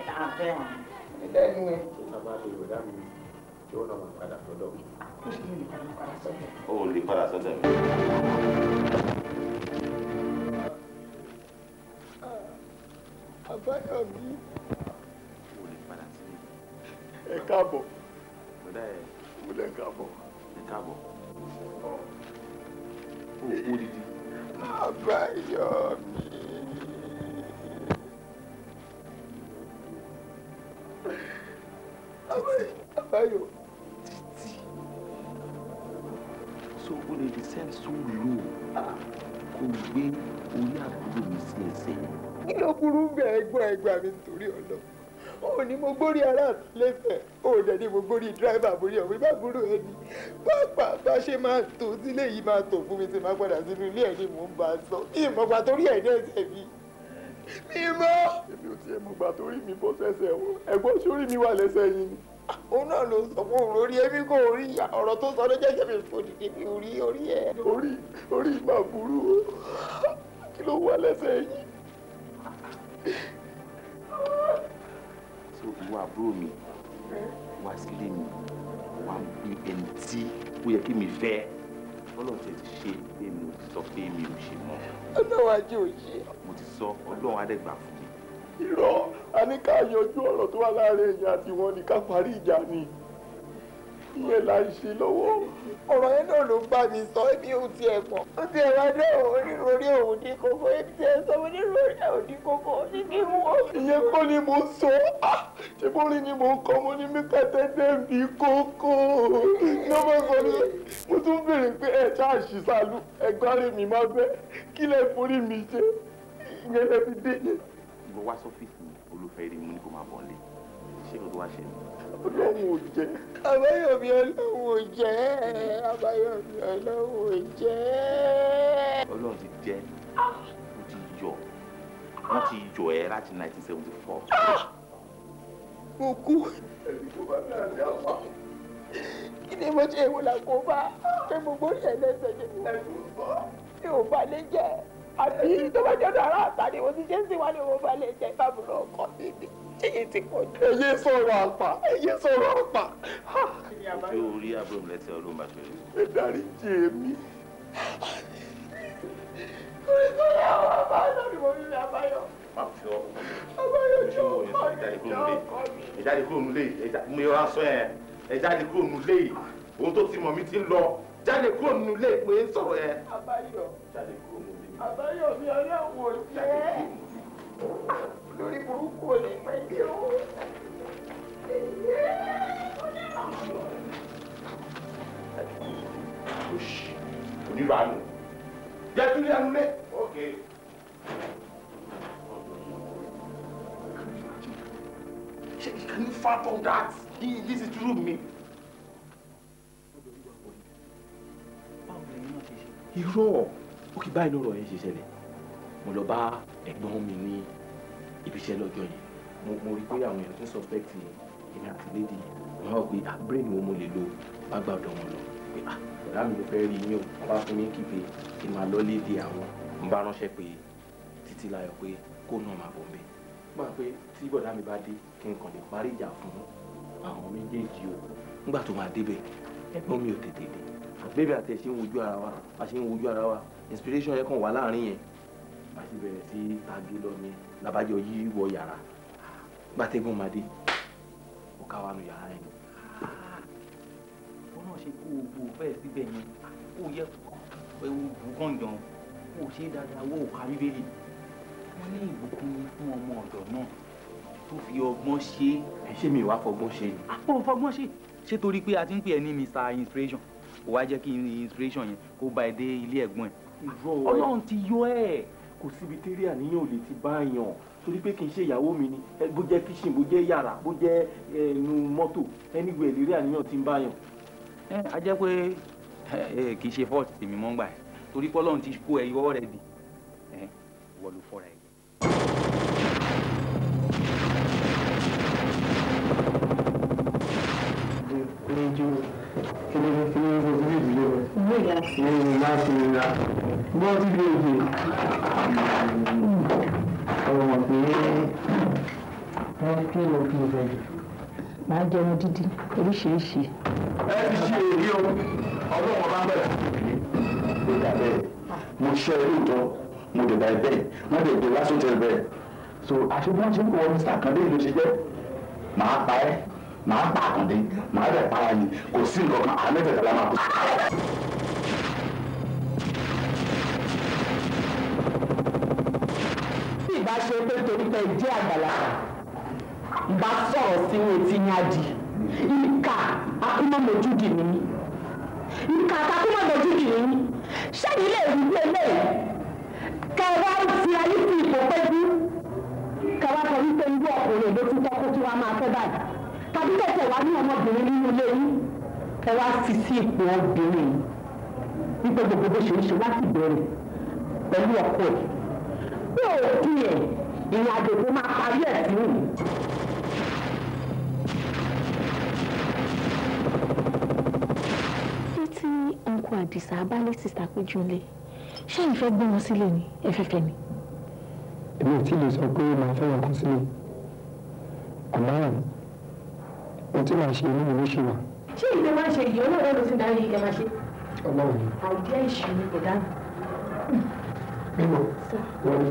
Speaker 1: káàbọ̀. mo dá ẹ. mo dá ẹ káàbọ̀. ẹ káàbọ̀ òkú didi. àbáyọ mi. o lè di sẹ́ẹ̀ so low kó gbé orí àbúrò mi sí ẹsẹ̀. kí ló burú bẹ́ẹ̀ gbọ́ ẹgbàá mi nítorí ọlọ́run òun ni mo gbórí ará àtìlẹ́sẹ̀ òun dẹ̀ ni mo gbórí dírẹ́bà borí ọ̀hún bá gbúrò ẹ ní pápá bá ṣe máa tó sílé yìí máa tó fún mi tí máa padà sínú ilé ẹ̀ ni mò ń bá a sọ kí ìmọ̀gbà torí ẹ̀ ní ẹsẹ̀ mi mi mọ́. èmi ò tiẹ̀ mọ̀gbà torí mi bọ́ sẹ́sẹ̀ wọn ẹ̀gbọ́n sórí mi wà lẹ́sẹ̀ yìí ni. òun náà ló sọ fún òun lórí ẹbí kò rí ọ̀rọ̀ tó sọ ló so ìwọ àbúrò mi wá sílé mi wá ń gbé ẹni tí ó yẹ kí mi fẹ́ ọlọ́run tẹ̀ ti ṣe
Speaker 4: pé mi ò sọ pé mi ò ṣe mọ́.
Speaker 1: ọlọ́run ajé ò ṣe.
Speaker 4: mo ti sọ ọlọ́run adẹ́gbà fún mi.
Speaker 1: irọ́ a ní ká yanjú ọ̀rọ̀ tó wà láàárín èèyàn àti wọn ni ká parí ìjà ni gbogbo ẹ̀ là ń ṣe lọ́wọ́. ọ̀rọ̀ yẹn náà ló bá mi sọ ẹbí òun ti ẹ̀ pọ̀. ó ti ẹ̀rọ dé onírúurú òun ní kókó ẹbí ti ẹ̀ sọ onírúurú òun ní kókó ní kí n wọ́. ìyẹn kọ́ ni mo sọ ah, ṣé mo rí ni mo kọ́ mo ní mí kẹ́tẹ́tẹ́ bí kókó. lọ́mọ sọ ni mo tún béèrè pé ẹ ṣáà ṣì sálú ẹgbẹ́ mi máa bẹ́ kílẹ̀ forí mi ṣe ìyẹn lẹ́bi dé.
Speaker 4: ìwọ wá sọ́fíìsì olùfẹ́ rí mu ní kó máa bọ̀ ọ́lé ṣé kò tó wá ṣẹlẹ̀
Speaker 1: ọlọ́run ò jẹ́. àbáyọ̀mí ọlọ́run ò jẹ́ àbáyọ̀mí ọlọ́run ò jẹ́.
Speaker 4: ọlọ́run ti jẹ́ ó ti yọ wọ́n ti yọ ẹ́ láti nineteen seventy four.
Speaker 1: mo kú ẹni tó bá bẹ̀rẹ̀ ní ọmọ kí ni mo ṣe ìwòlà kó bá pé mo gbórí ẹ̀ lẹ́sẹ̀ jẹ́ mi náà ní ò bá jẹ́ àbí tó bá jẹ́ sàrà àtàdé wo ti ṣe ń sìnwá ni mo bá lè jẹ́ ìbábùrọ̀ ọkọ mi ni èyí ti pọ̀
Speaker 3: jù. ẹ yé sọ̀rọ̀ àpà ẹ yé sọ̀rọ̀
Speaker 1: àpà. ojú
Speaker 4: orí àbúrò mi lẹ́tẹ̀ ọlọ́run bá fẹ́. ẹ dárí
Speaker 1: jì èmi. orí tó yẹ àwọn àbáyọ ni mo fi fi àbáyọ. má fi ọ àbáyọ ọkọ mi jọ ọkọ mi. ẹ jáde kúrò nílé mi ò rà sọ ẹ ẹ jáde kúrò nílé ohun tó ti mọ̀ mi ti lọ jáde kúrò nílé pé sọ̀rọ̀ ẹ. àbáyọ jáde kúrò àbáyọ̀mí aláwọ̀ jẹ́ lórí burúkú ò ní pẹ́ dé o. oníranú jẹ́túlẹ̀ ẹnu lé. Can you fathom that? This is true me. Irọ́ ó kì báyìí lọ́rọ̀ yẹn ṣe ṣẹlẹ̀ mo lọ bá ẹ̀gbọ́n mi ní ibiṣẹ́ lọ́jọ́ yẹn mo mo rí pé àwọn èèyàn tún suspect èmi àti lady wọn ò pé ah brain wo mo lè lo gbàgbà ọ̀dọ̀ wọn lọ pé ah ọ̀dà mi ló fẹ́ rí yín o bá fún mi kí pé kí n máa lọ lady àwọn n bá ránṣẹ́ pé títí láyọ̀ pé kó náà máa bọ̀ mẹ́ gbà pé tí bọ̀dá mi bá dé kí n kàn lè parí ìjà fún àwọn méjèèjì o nígbà tó máa débẹ̀ ẹ̀gbọ́n mi ò tètè dé bébí àti ẹ̀ ṣe ń wojú ara wa a ṣe ń wojú ara wa inspiration yẹn kàn wá láàrin yẹn bá ti bẹ̀rẹ̀ sí tagi lọ ni labajọ yí wọ yàrá gbàtẹ́gùn màdé ó ká wa nu yàrá yẹn ó náà ṣe kó o bò fẹ́ẹ̀ síbẹ̀ yẹn kó o yẹ ewu bùkànjàn kó o ṣe dáadáa wó o ka bíbélì wọn ní ìbùkún fún ọmọ ọ̀dọ̀ náà tó fi ọgbọ́n ṣe é. ẹ ṣé mi ìwà fọgbọ́n ṣe ni. àpò fọgbọ́n ṣe ṣé torí pé a ti ń pè ẹ ní Mr. Inspiration kò wá jẹ́ kí inspiration yẹn kó bá ẹ dé ilé ẹ̀gbọ́n ẹ̀ ọlọ́run ti yọ ẹ̀ kò síbi tẹ́rí àníyàn ò lè ti bá yàn torí pé kì í ṣe ìyàwó mi ni bó jẹ́ kíṣìn bó jẹ́ yàrá bó jẹ́ ẹnu mọ́tò ẹnìgbẹ́ ìlérí àníyàn ti ń bá yàn. ẹ a jẹ́ pé kì í ṣe fọ́ọ̀tì tèmi mọ́ gbà ẹ̀ torí pé ọlọ́run ti kó ẹyọ rẹ̀ dì ẹ̀ wọ́n ló fọ́ra ẹ̀.
Speaker 3: Thank you kini kini ko kini ìdílé rẹ. ìwé ìyá sí. ìwé ìyá sí ìyá. bọ́ ti di òkè. ọ̀rọ̀ mọ̀ pé
Speaker 2: wọ́n kí ló kí ìfẹ́ jù. màá jẹun dídí oríṣiríṣi.
Speaker 1: ẹ ti ṣe èyí o ọlọ́run ọba ń bẹ̀rẹ̀ ló dà bẹ́ẹ̀ mo ṣe eré ìtọ́ mo dẹ̀ bá ẹ bẹ́ẹ̀ wọ́n dẹ̀ dé wá sóòtẹ́ bẹ́ẹ̀ so àfi bí wọ́n ṣe ń kọ́ ọ́ mr kan bẹ́ẹ̀ ló ṣe jẹ́ màá pa ẹ́ màá gbà àkàndé màá dẹ̀ para ni kò sí nǹkan kan àmì tẹ̀tẹ̀ la máa kó. bí ìbá ṣe pé torí pé jẹ́ àgbàlagbà ìbá sọ̀rọ̀ sí ní etí ní adì ìka akúmọ̀mọ́júdì ni
Speaker 6: ìka akúmọ̀mọ́júdì
Speaker 1: ni ṣẹ́ni lè rí bí eléyìí kẹwàá ti ayé ti ìpò pẹ́jú
Speaker 2: kẹwàá sọ wípé irú ọkùnrin ló tún tọ́kú tí máa fẹ́ báyìí tàbí kẹ̀kẹ́ wa ní ọmọbìnrin nínú
Speaker 3: ilé yín ẹ wá fi sí ipò obìnrin wípé gbogbo bó ṣe ń ṣe láti bẹ̀rẹ̀ pẹ̀lú ọkọ ẹ̀ bí òkú ẹ̀ ìrìn àjò tó máa parí ẹ̀ sí òun.
Speaker 2: tí ọkọ àdìsá abálé sísá péjúlé ṣé ìfẹ́ gbé wọn sílé ni ẹ̀fẹ́fẹ́ ni.
Speaker 3: èmi ò tí ì lè sọ pé màá fẹ́ wọn kó sílé àmọ́ ohun tí màá ṣe inú mi ló ṣe wà.
Speaker 2: ṣé ìdè máa ṣe ìyọ́ náà lọ́dún sí dárí ìdè máa ṣe. ọlọ́run ni. àìdíyà ìṣirò kò dáhùn.
Speaker 1: mímọ wọlé.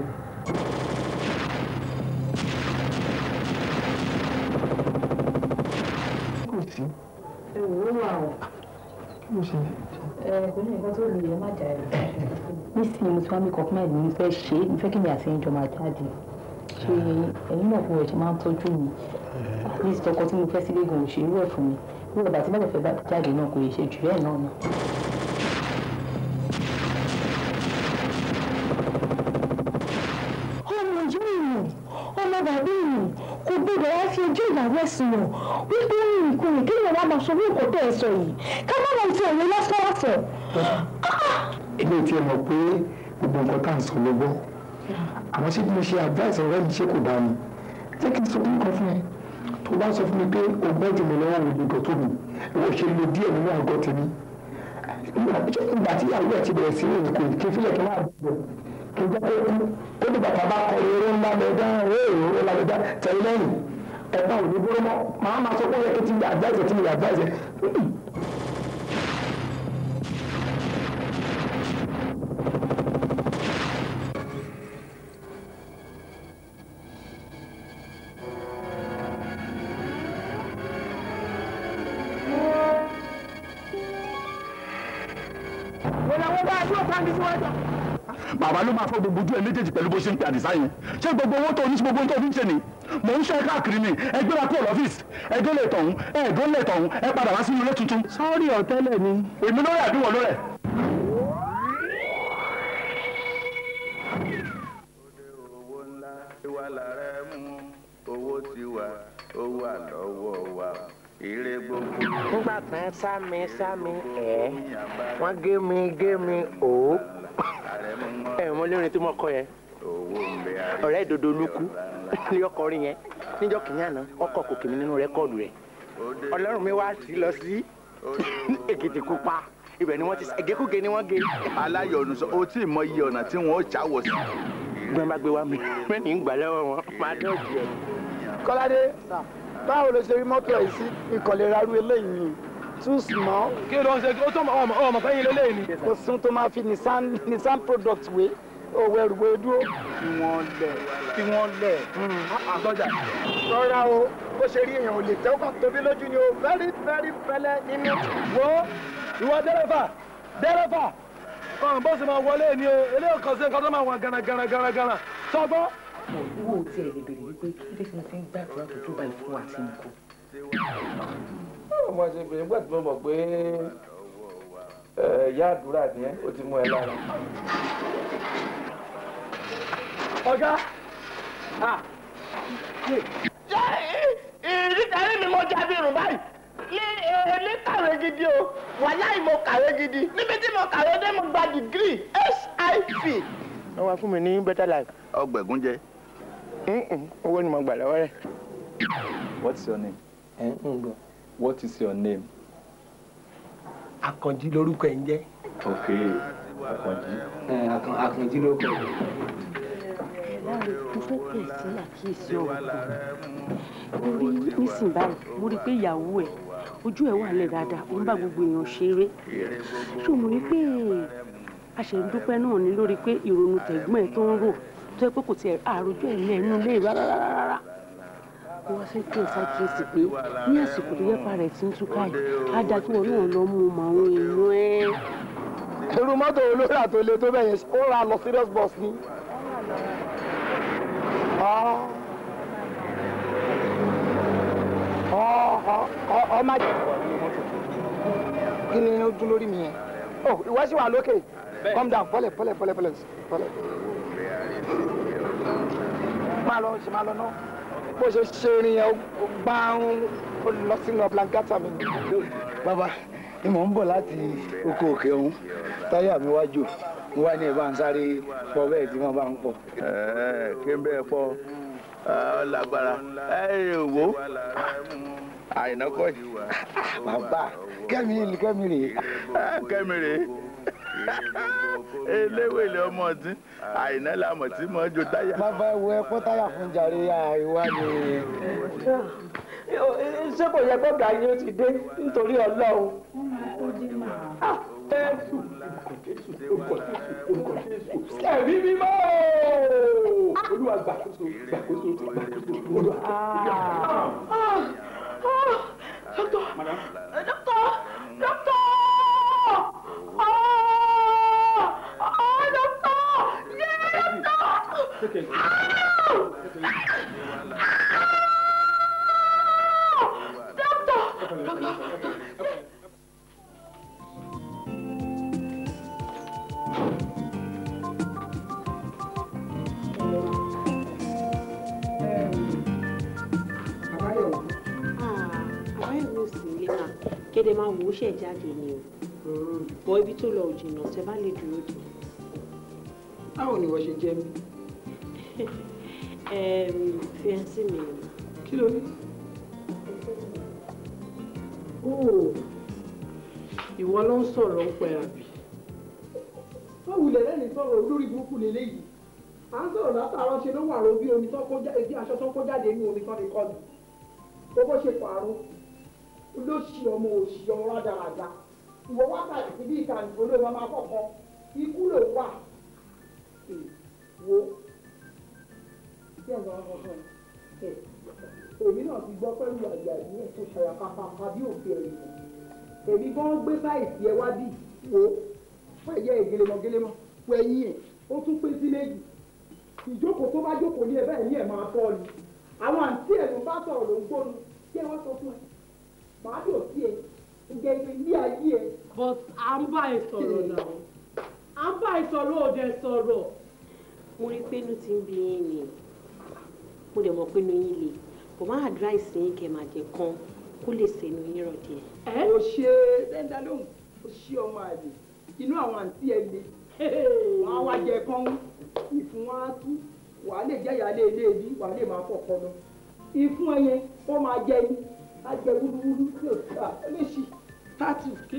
Speaker 3: kò sí. ẹ wò ó wà o. kí ló ṣe
Speaker 2: nísìnyí mo ti wá mi kọ̀ọ̀kan ẹ̀ ní fẹ́ ṣe é mo fẹ́ kí mi àti jọ máa jáde ṣe ẹ̀yin náà kó rẹ̀ ṣe máa ń tọ́jú mi at least ọkọ tí mo fẹ́ sílé gan òṣèré rẹ̀ fún mi bí bàbá tí mẹ́lẹ̀fẹ́ bá jáde náà kò lè ṣe jù bẹ́ẹ̀ náà náà.
Speaker 3: ọmọ ìjọ ìrìn ọmọ bàbá ìrìn kò gbọdọ̀ wá fi ojú ìyàwó ẹ̀sìn hàn wípé ó rìn ìkùnrin kí ìyàwó máa
Speaker 2: sọ wíwò kò tó ẹ̀ sọ yìí ká má lọ ti ọ̀rẹ́ lọ́sọ̀ọ̀sọ̀.
Speaker 1: ilé tí ẹ mọ̀ pé gbogbo nǹkan tá à ń sọ ló gbọ́ àwọn ṣé bí mo ṣe advice ọ̀rẹ́ mi ṣé kò dáa ni jẹ́ kí n sọ fún nǹkan fún ẹ tó bá sọ fún mi pé o gbọ́dọ̀ mi lọ́wọ́ òògùn tó tóbi ìwọ ṣe lo díẹ̀ nínú àgọ́ tèmi ìgbà tí ìyàwó ẹ̀ ti bẹ̀rẹ̀ sí ìrìn kò kí fílẹ̀ kí máa bọ̀ kí n jẹ́ pé kú kó ní bàtà bá kọ eré ńlá mẹ́dá eré ńlá mẹ́dá tẹ̀lé lẹ́yìn ẹ̀ka òní bóró mọ́ màá máa sọ pé ó yẹ kí ti advice ẹ̀ ti mi advice
Speaker 3: ẹ̀ hmm.
Speaker 1: ló máa fọ́ gbogbo ojú ẹ méjèèjì pẹ̀lú bó ṣe ń pè àdìsá yẹn ṣé gbogbo owó tó ní sí gbogbo ohun tó fi ń ṣe ni mò ń ṣe ẹ káàkiri ni ẹ gbéra kúrò lọ́fíìsì ẹ dó tọ̀hún ẹ dó tọ̀hún ẹ padà wá sínú ilé tuntun. sọ́ọ́rì ọ̀tẹ́lẹ̀ ni. èmi lórí àdúgbò lórẹ̀. nígbà tán sámi sámi ẹ wọn gé mi gé mi òó ẹ mọ lórin tí mo kọ yẹn ọ̀rẹ́ ìdodo lukú ní ọkọrin yẹn níjọ́ kìíní àná ọkọ kò kìíní nínú rẹ́kọ́ọ̀dù rẹ̀ ọlọ́run mi wá sí lọ sí èkìtì kópa ibẹ̀ ni wọ́n ti ẹ̀gẹ́kúge ni wọ́n gé. aláyọ̀nù sọ o tí ì mọ iye ọ̀nà tí wọ́n jáwọ́ sí. gbọ́n bá gbé wa mi mẹ́rin ń gbà lọ́wọ́ wọn máa dán òjì ẹ̀. kọ́ládé báwo ló ṣe rí mọ́tò ẹ̀ sí ìkọ̀lẹ́ra rú eléyìí too small. kí ló ń ṣe oh, tó ọmọ ọmọ fẹ́yìn lélẹ́yìn ni. kò sún tó máa fi Nissan Nissan product wé owó ẹrù wé dúró. kí wọ́n lẹ̀ kí wọ́n lẹ̀ àtọ́jà. rọra o bó ṣe rí èèyàn ò lè tẹ́ ó kàn tóbi lójú ni o very very fẹ́lẹ́ nínú. wo ìwọ dẹ́rẹ́fà dẹ́rẹ́fà ọ̀n bó ṣe máa wọlé ni o eléyìí kan ṣe nǹkan tó máa wà gànàgànàgànà sọgbọ́n. owó tí ẹ lè béèrè wípé kí ló ṣe ń gbàdúrà tó tó báyìí fún àti nǹkan ọmọ ṣe bèrè nígbà tí mo mọ̀ pé ìyá àdúrà ni ẹ ó ti mú ẹ lára. ọ̀gá ìrítẹ́rí mi mo jábí irun báyìí ní èmi kàwé gidi o wàláì mo kàwé gidi níbi tí mo kàwé dé mo gba dìgírì SIP. wọ́n wá fún mi ní better life. ọgbẹ̀gún jẹ. owó ni mo gbà lọ́wọ́ rẹ̀. What's your name? ẹ̀ ń gbọ́. What is your name? Akànjí lorúkọ ẹ̀ ń jẹ́. Ok, Akànjí. Akànjí lorúkọ ẹ̀ ń jẹ́.
Speaker 3: Mo fẹ́ pè sí àkíyèsí
Speaker 2: ọ̀rọ̀ kan. Mo rí nísìnyí báyìí, mo rí pé ìyàwó ẹ̀ ojú ẹ̀ wà lẹ̀ dáadáa, ó ń bá gbogbo èèyàn ṣeré. Ṣé o mọ̀ wípé aṣèǹdúpẹ́ náà ni lórí pé ìrònú tẹ̀gbọ́n ẹ̀ tó ń rò tó yẹ pé kò tiẹ̀ àròjọ ẹ̀ ní ẹnu lé rárá rárá mo
Speaker 3: wá fẹ́ kí n ṣàkíyèsí pé ní
Speaker 2: àsìkò tó yẹpa rẹ̀ ti ń túká yìí
Speaker 1: á dáa kí wọn náà lọ mú un màwọn èèyàn ẹ. irú mọ́tò olórí àtòlé tó bẹ̀yẹn ó ra lọ serious bus ni. ọmọ kí ni ó dún lórí mi yẹn oh ìwọ sì wà lókè calm down pọ̀lẹ́ pọ̀lẹ́ pọ̀lẹ́ pọ̀lẹ́ pọ̀lẹ́.
Speaker 6: máa lọ ṣe máa lọ
Speaker 1: náà bó ṣe ṣe irin yẹn gbá ó lọ sínú ọ̀blàngàtà mi. bàbá ni ń bọ̀ láti oko òkè ọ̀hún táyà mi wá jò mo wá ní ẹ̀ bá ń sáré fọ bẹ́ẹ̀ tí wọ́n bá ń pọ̀. kí n bẹ́ẹ̀ fọ lágbára ẹ wò yìí. bàbá kẹ́mi kẹ́mi rèé. kẹ́mi rèé. eléwé ilé ọmọ ọtí àìná làmọ̀ tí mo jò táyà. bàbá ẹ wo táyà fún jàre àìwá ni. ṣé kò yẹ kó gàá yóò ti dé nítorí ọlọ́run. Ah, ẹ̀mí mímọ́ olúwa gbàkóso gbàkóso
Speaker 3: gbàkóso olúwa. Ah, ah, dókítà dókítà Ah, ah,
Speaker 2: kéde máa wò ó ṣẹ̀ jáde ni o hmm. bọ́ ibi tó lọ òjìnà tẹ́ bá lè dúró dé. báwo ni wọ́n ṣe jẹ́ mi. fi hàn sí mi.
Speaker 1: kí ló rí. ìwọ ló ń sọ̀rọ̀ ń pẹ̀rẹ̀ àbí. báwo lè lẹ́ni sọ̀rọ̀ olórí burúkú lélẹ́yìí à ń sọ̀rọ̀ látàárọ̀ ṣe ló wà ro bí omi tó kó jáde bí aṣọ tó kó jáde ní omi tó ti kọ́ ni tó bó ṣe pààrọ̀ olóṣì ọmọ òṣì ọmọ rádaràda ìwọ wákàtí bí ìkànnì tí ọ̀gá ọkọ̀ sọ ẹ̀ èmi náà ti gbọ́ pẹ̀lú àyà ìlú ètò ṣàyàpàpà àbí òkè ẹ̀yìn èmi gan gbé báyìí ẹ wá bì wo fún ẹ̀yẹ ìgélemọ̀gélemọ̀ fún ẹ̀yìn ẹ̀ ó tún pé sí méjì ìjókòó tó bá jókòó ní ẹ bẹ́ẹ̀ ní ẹ̀ máa fọ́ ni àwọn àǹtí ẹ̀ ló bá sọ̀rọ̀ ló ń gbóni kí ẹ wá sọ fún ẹ màá dùn sí ẹ ǹjẹ́ ìgbé ní ayé ẹ. but à ẹ sọ̀rọ̀ náà à ẹ
Speaker 2: sọ̀rọ̀ òde sọ̀rọ̀ mo rí pé inú ti ń bí yín ni mo dẹ̀ mọ̀ pé inú yín le kò má advice yín kẹ́ máa jẹ kan kó lè ṣe inú yín rọ̀ díẹ̀.
Speaker 1: o ṣe dẹ́ńdá lóhùn o ṣe ọmọ àlè inú àwọn àǹtí ẹ
Speaker 3: le wọn á wá jẹ kán ìfún wọn tú
Speaker 1: wà á lè jẹyà lé ilé wà á lè máa fọkọ lọ ìfún ẹyẹ ó máa jẹ ẹni á jẹ wúlúwúlú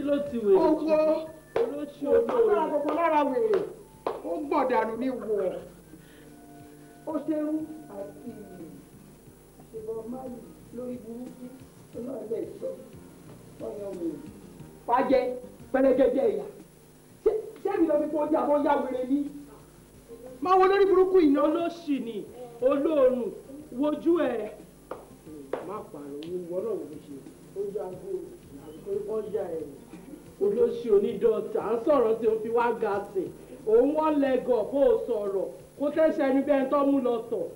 Speaker 1: ló ti wèrè ogbó
Speaker 3: olóṣì olóòrè ọgbà àkọ́kọ́
Speaker 1: lára wèrè ó gbọ̀dànù ní wọ̀ ó ṣerú àti ìṣèbọn máàlì lórí burúkú tó náà lè sọ ọyàn òun fàájẹ pẹlẹgẹjẹ ìyà sẹbi lọ fi kó oúnjẹ àbọ ya wèrè ní. máa wo lórí burúkú iná olóṣì ni olóòrùn wojú ẹ. má pààrọ̀ owó wọ́rọ̀ wò ṣe ó yá gbó àbíkó ọjà ẹ̀ olóṣì onídọ̀tà ń sọ̀rọ̀ tí o fi wá ga sí òun wọ́n lẹ́gọ̀ọ́ kó o sọ̀rọ̀ kó tẹ́sẹ̀ ẹni bẹ́ẹ̀ tó mú lọ tọ̀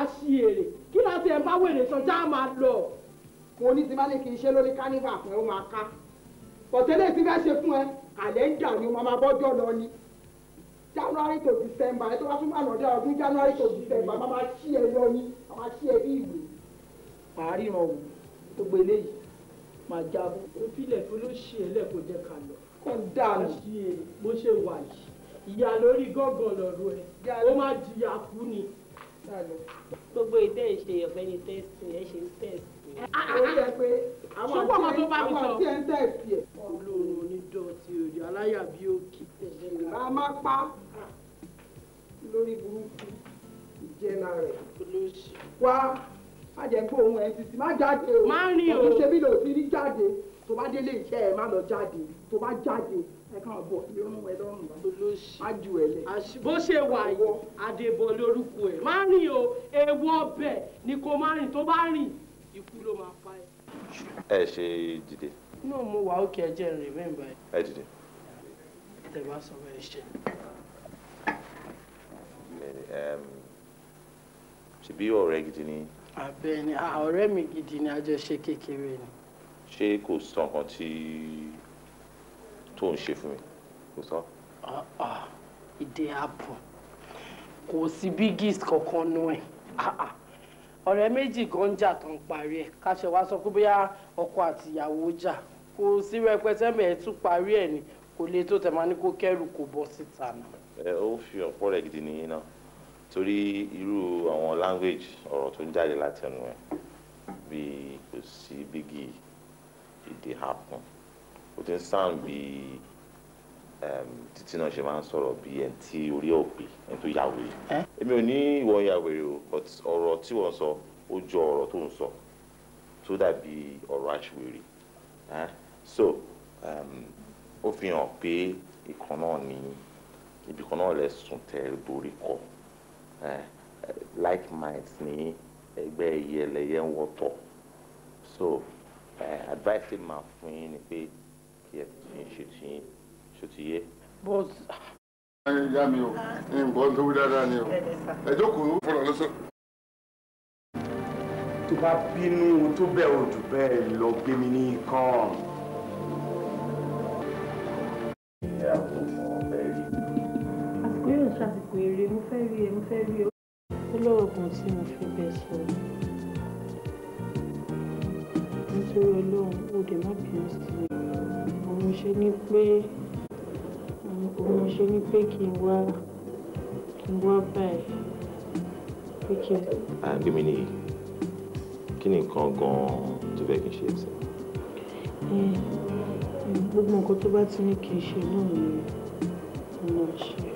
Speaker 1: àṣìyèrè kí ló ti ẹ̀ bá wèrè sọjá máa lọ. mo ní ti má lè kí iṣẹ́ lórí kánífà fún ẹ ó máa ká pọ̀tẹ́lẹ̀ ti fẹ́ ṣe fún ẹ kàlẹ́ńdà ni mo máa bọ́jọ́ lọ ni january to december ẹ tó bá tún bá lọ́dẹ ọdún january to december máa máa ṣí ẹ lọ ni máa máa ṣí ẹ bí ìwé. àríran òun gbogbo eléyìí máa jábọ́. òfìlẹ̀ fún ló ṣe é lẹ́kọ̀ọ́ jẹ́ ká lọ. kò dáa bó ṣe wà yìí ìyá lórí gángan lọ́rọ̀ ẹ̀ ó máa jìyà kú ni gbogbo ìdẹ́ ìṣe ọ̀gbẹ́ni tẹ́sì ẹ̀ ṣe ń tẹ̀sì. orí ẹ ah, ah, ah. pé àwọn tí àwọn tí ẹ ń tẹ̀sì ẹ̀. olórin onídọ̀tí òde aláyà bí òkè tẹ̀lé la. bá a máa pa
Speaker 3: lórí burúkú
Speaker 1: ìjẹ́nà rẹ̀. olóṣì. wá má jẹ́ pé òun ẹ̀ títí má jáde o. má rìn o. òun ṣe bí lòsí rí jáde tó bá délé iṣẹ́ ẹ̀ má lọ jáde tó bá jáde ẹ kàn bọ̀ lórun ẹ lọ́rùn lọ. olóṣì má ju ẹ lẹ. bó ṣe wà yìí àdèbọ lórúkọ ẹ má rìn o ewu ọbẹ ni kò má rìn tó bá rìn ikú ló máa pa ẹ.
Speaker 4: ẹ ṣe dìde.
Speaker 1: inú mo wà òkè ẹjẹ rìn mí báyìí. ẹ dìde. tẹ bá sọ bẹ́ẹ̀ ṣe.
Speaker 4: ṣebí ọ̀rẹ́ gidi ni.
Speaker 1: àbẹ ni ọ̀rẹ́ mi gidi ni àjọṣe kékeré ni.
Speaker 4: ṣé kò sọ tí tó ń ṣe fún mi kò sọ.
Speaker 1: it dey happen kò sí biggest kankan nù ẹ̀ ah, ah. ọ̀rẹ́ méjì kan ń jà tó ń parí ẹ̀ káṣẹ wá sọ pé bóyá ọkọ àti ìyàwó jà kò sí rẹpẹtẹ mẹ́ẹ̀ tún parí ẹ̀ ni kò lè tó tẹ̀ máa ní kó kẹ́rù kó bọ́ síta náà.
Speaker 4: ẹ ó fi ọ̀pọ̀ rẹ̀ gidi nìyí náà torí irú àwọn language ọ̀rọ̀ tó ń jáde láti ẹnu ẹ̀ bíi kò sí bígì ìdè happen ó ti ń sàn bí títí ehm, náà ṣe máa ń sọ̀rọ̀ bí ẹni tí orí òpè ẹni tó yàwé èmi ò ní ìwọ yàwé o but ọ̀rọ̀ tí wọ́n sọ ó jọ ọ̀rọ̀ tó ń sọ tó dàbí ọ̀rọ̀ aṣiwèrè so ehm, ó fi hàn pé ìkan náà ní ibi kan náà lẹ́sùn tẹ borí kọ like minds ní ẹgbẹ́ ẹyẹ ẹlẹ́yẹ ń wọ́tọ̀ so eh, advice máa fún yín ni pé ṣe ti ṣe ti yé.
Speaker 1: bọ́s. ayé ìyá mi o nǹkan tó wí dáadáa ni o ẹ jókòó fọlọ lọsọ. tó bá bínú tó bẹ́ẹ̀ o jù bẹ́ẹ̀ lọ gbé mi ní kàn.
Speaker 3: àsìkò
Speaker 2: yóò ṣàsìkò èrè mo fẹ́ rí ẹ mo fẹ́ rí ẹ ó tí mo fi bẹ́ẹ̀ sọ nítorí ọlọ́run ó dẹ̀ má bínú sí i mo ṣe ní pé mo ṣe ní pé kí n wá kí n wá báyìí pé kí n.
Speaker 4: àgbèmí ah, nìyí kí ni nǹkan gan-an tó fẹ́ kí n ṣe ẹ̀sìn.
Speaker 2: Eh, gbogbo nǹkan tó bá ti ní kí n ṣe náà ni mo máa ṣe.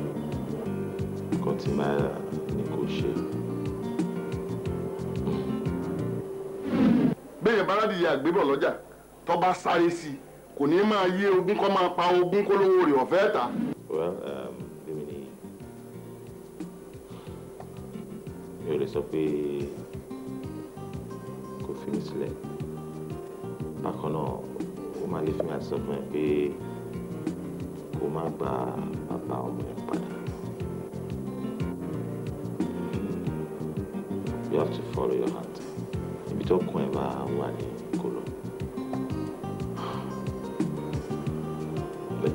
Speaker 4: nǹkan tí máa ní kò ṣe.
Speaker 1: béèyàn bá rádìyà àgbébọ̀ lọ́jà tó bá sáré sí i kò ní máa yé ogún kó máa pa ogún kó lówó rẹ̀ ọ̀fẹ́ ta.
Speaker 4: well um, bímí ni mi ò lè sọ pé kò fi mí sílẹ̀ bákan náà ó máa lè fi máa sọ fún ẹ pé kó má gba bàbá ọmọ ẹ padà. you have to follow your heart ibi tó kún ẹ bá wà nìyẹn.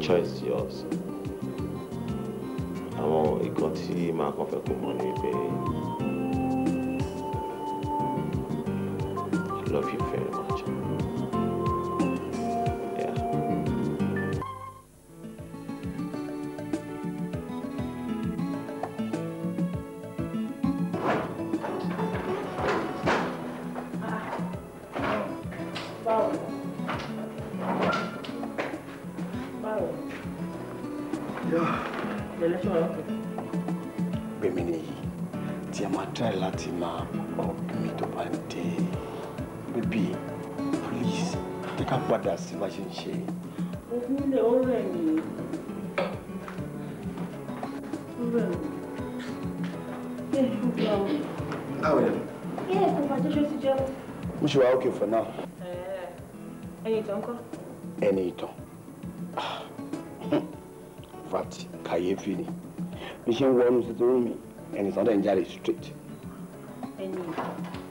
Speaker 4: choice yours àwọn nǹkan tí màá kàn fẹ́ kó mọ̀ ni pé I love you very much.
Speaker 1: padà sí bá ṣe ń ṣe.
Speaker 2: ogun ilé ó rẹ̀ mí.
Speaker 1: ó mo ṣe wà okay for now. ẹni ìtàn kọ́. ẹni ìtàn vat kàyéfì ni bí ṣe ń wọnú títí rúmi ẹni ìtàn dẹ̀ ń jáde straight.
Speaker 2: ẹni ìtàn.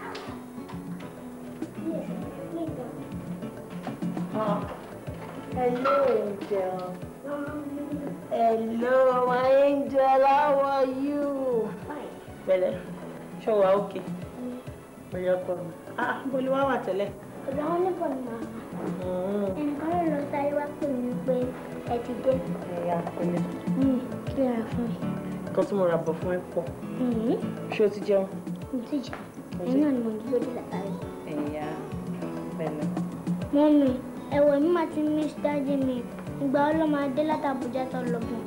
Speaker 2: Hello, Angel. Hello, my angel. How are you? Fine. Bẹ̀lẹ̀, ṣé o wà òkè? Mo yẹ ọkọ mi. Ah, mo lè wá wà tẹ́lẹ̀.
Speaker 5: Ọ̀dọ̀ wọn ní bọ̀ náà.
Speaker 2: Mm-hmm.
Speaker 5: Ẹnìkan ló lọ sáré tell pè what you ẹ ti dé. Ẹ̀yà pinnu. Hmm, kí ló ra fún mi?
Speaker 2: Nǹkan tí mo rà bọ̀ fún ẹ pọ̀. Hmm. Ṣé o ti jẹun?
Speaker 5: Mo ti jẹun. Ẹ̀yin náà ni mo dúró dé látàrí. Ẹ̀yà pẹ̀lú. Mọ́mi ẹ̀wẹ̀ mi máa ti miss dájú mi ìgbà ọlọ́mọ adé látàbújá tó lọ́gbọ̀n.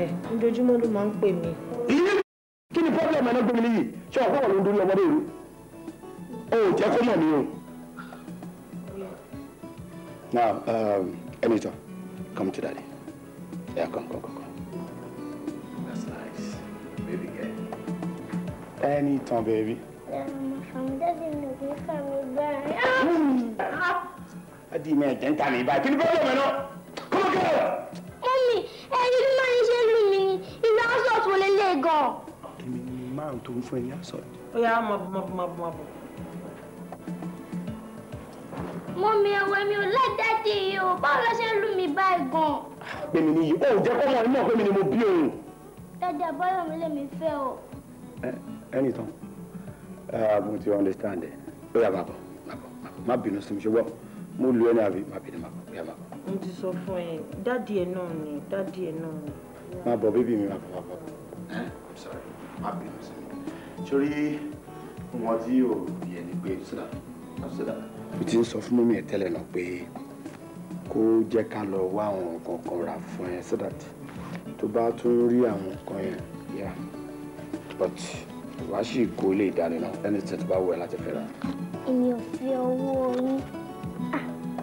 Speaker 2: ẹ eh, ojoojúmọ́ ló máa ń pè mí.
Speaker 1: kí ni problem ẹ̀ náà gbé mi níyì ṣé ọ̀pọ̀ wọn ló ń dorí ọmọdé rú o jẹ́ kó mọ̀ mí o. now um, come to daddy yeah, come come come come.
Speaker 3: that's nice baby girl.
Speaker 1: Anytime, baby.
Speaker 3: Yeah, my
Speaker 5: family doesn't know. My family,
Speaker 1: adi mi ẹ̀jẹ̀ ń ta mi báyìí kí ni bọ́ọ̀lù mi náà kọ́ mọ́ kẹ́rọ.
Speaker 5: mọ́mí ẹyin bí máa ń ṣe lù mí ni ìlú assault wọlé lè e gan.
Speaker 1: èmi ni máa ń tó ń fún ẹ ní assault. ó yà á máa bọ̀ máa bọ̀ máa bọ̀ máa bọ̀.
Speaker 5: mọ́mí ẹ̀wẹ̀ mi ò lẹ́dẹ̀ẹ́dì yìí o báwo ló ṣe ń lù mí báyìí gan.
Speaker 1: gbèmí ni yìí ó jẹ́ kó mọ̀ nínú gbèmí ni mo bí òun.
Speaker 5: dájú àbáyọ̀ mi lè mi fẹ́ o.
Speaker 1: ẹ ẹnì tán ah, mo ti understand ẹ ó yà máa bọ̀ máa má bínú sí mi ṣe wọ́n mo lu ẹni àbí màbí ni màbí ẹ má.
Speaker 2: mo ti sọ fún ẹ dáàdi ẹ náà ni dáàdi ẹ náà ni.
Speaker 1: má bọ bébí mi má bọ má bọ. ẹ i'm sorry má bínú sí mi sórí wọn tí yóò yẹ ni pé sílá sílá. mo ti ń sọ fún mọ́mí tẹ́lẹ̀ náà pé kó jẹ́ ká lọ wá àwọn nǹkan rà fún ẹ so tó bá tún rí àwọn nǹkan yẹn yeah but wàá sì kó ilé ìdáná náà ẹni tẹ̀ tó bá wọ ẹ láti fẹ́ ra.
Speaker 5: èmi ò fi owó orí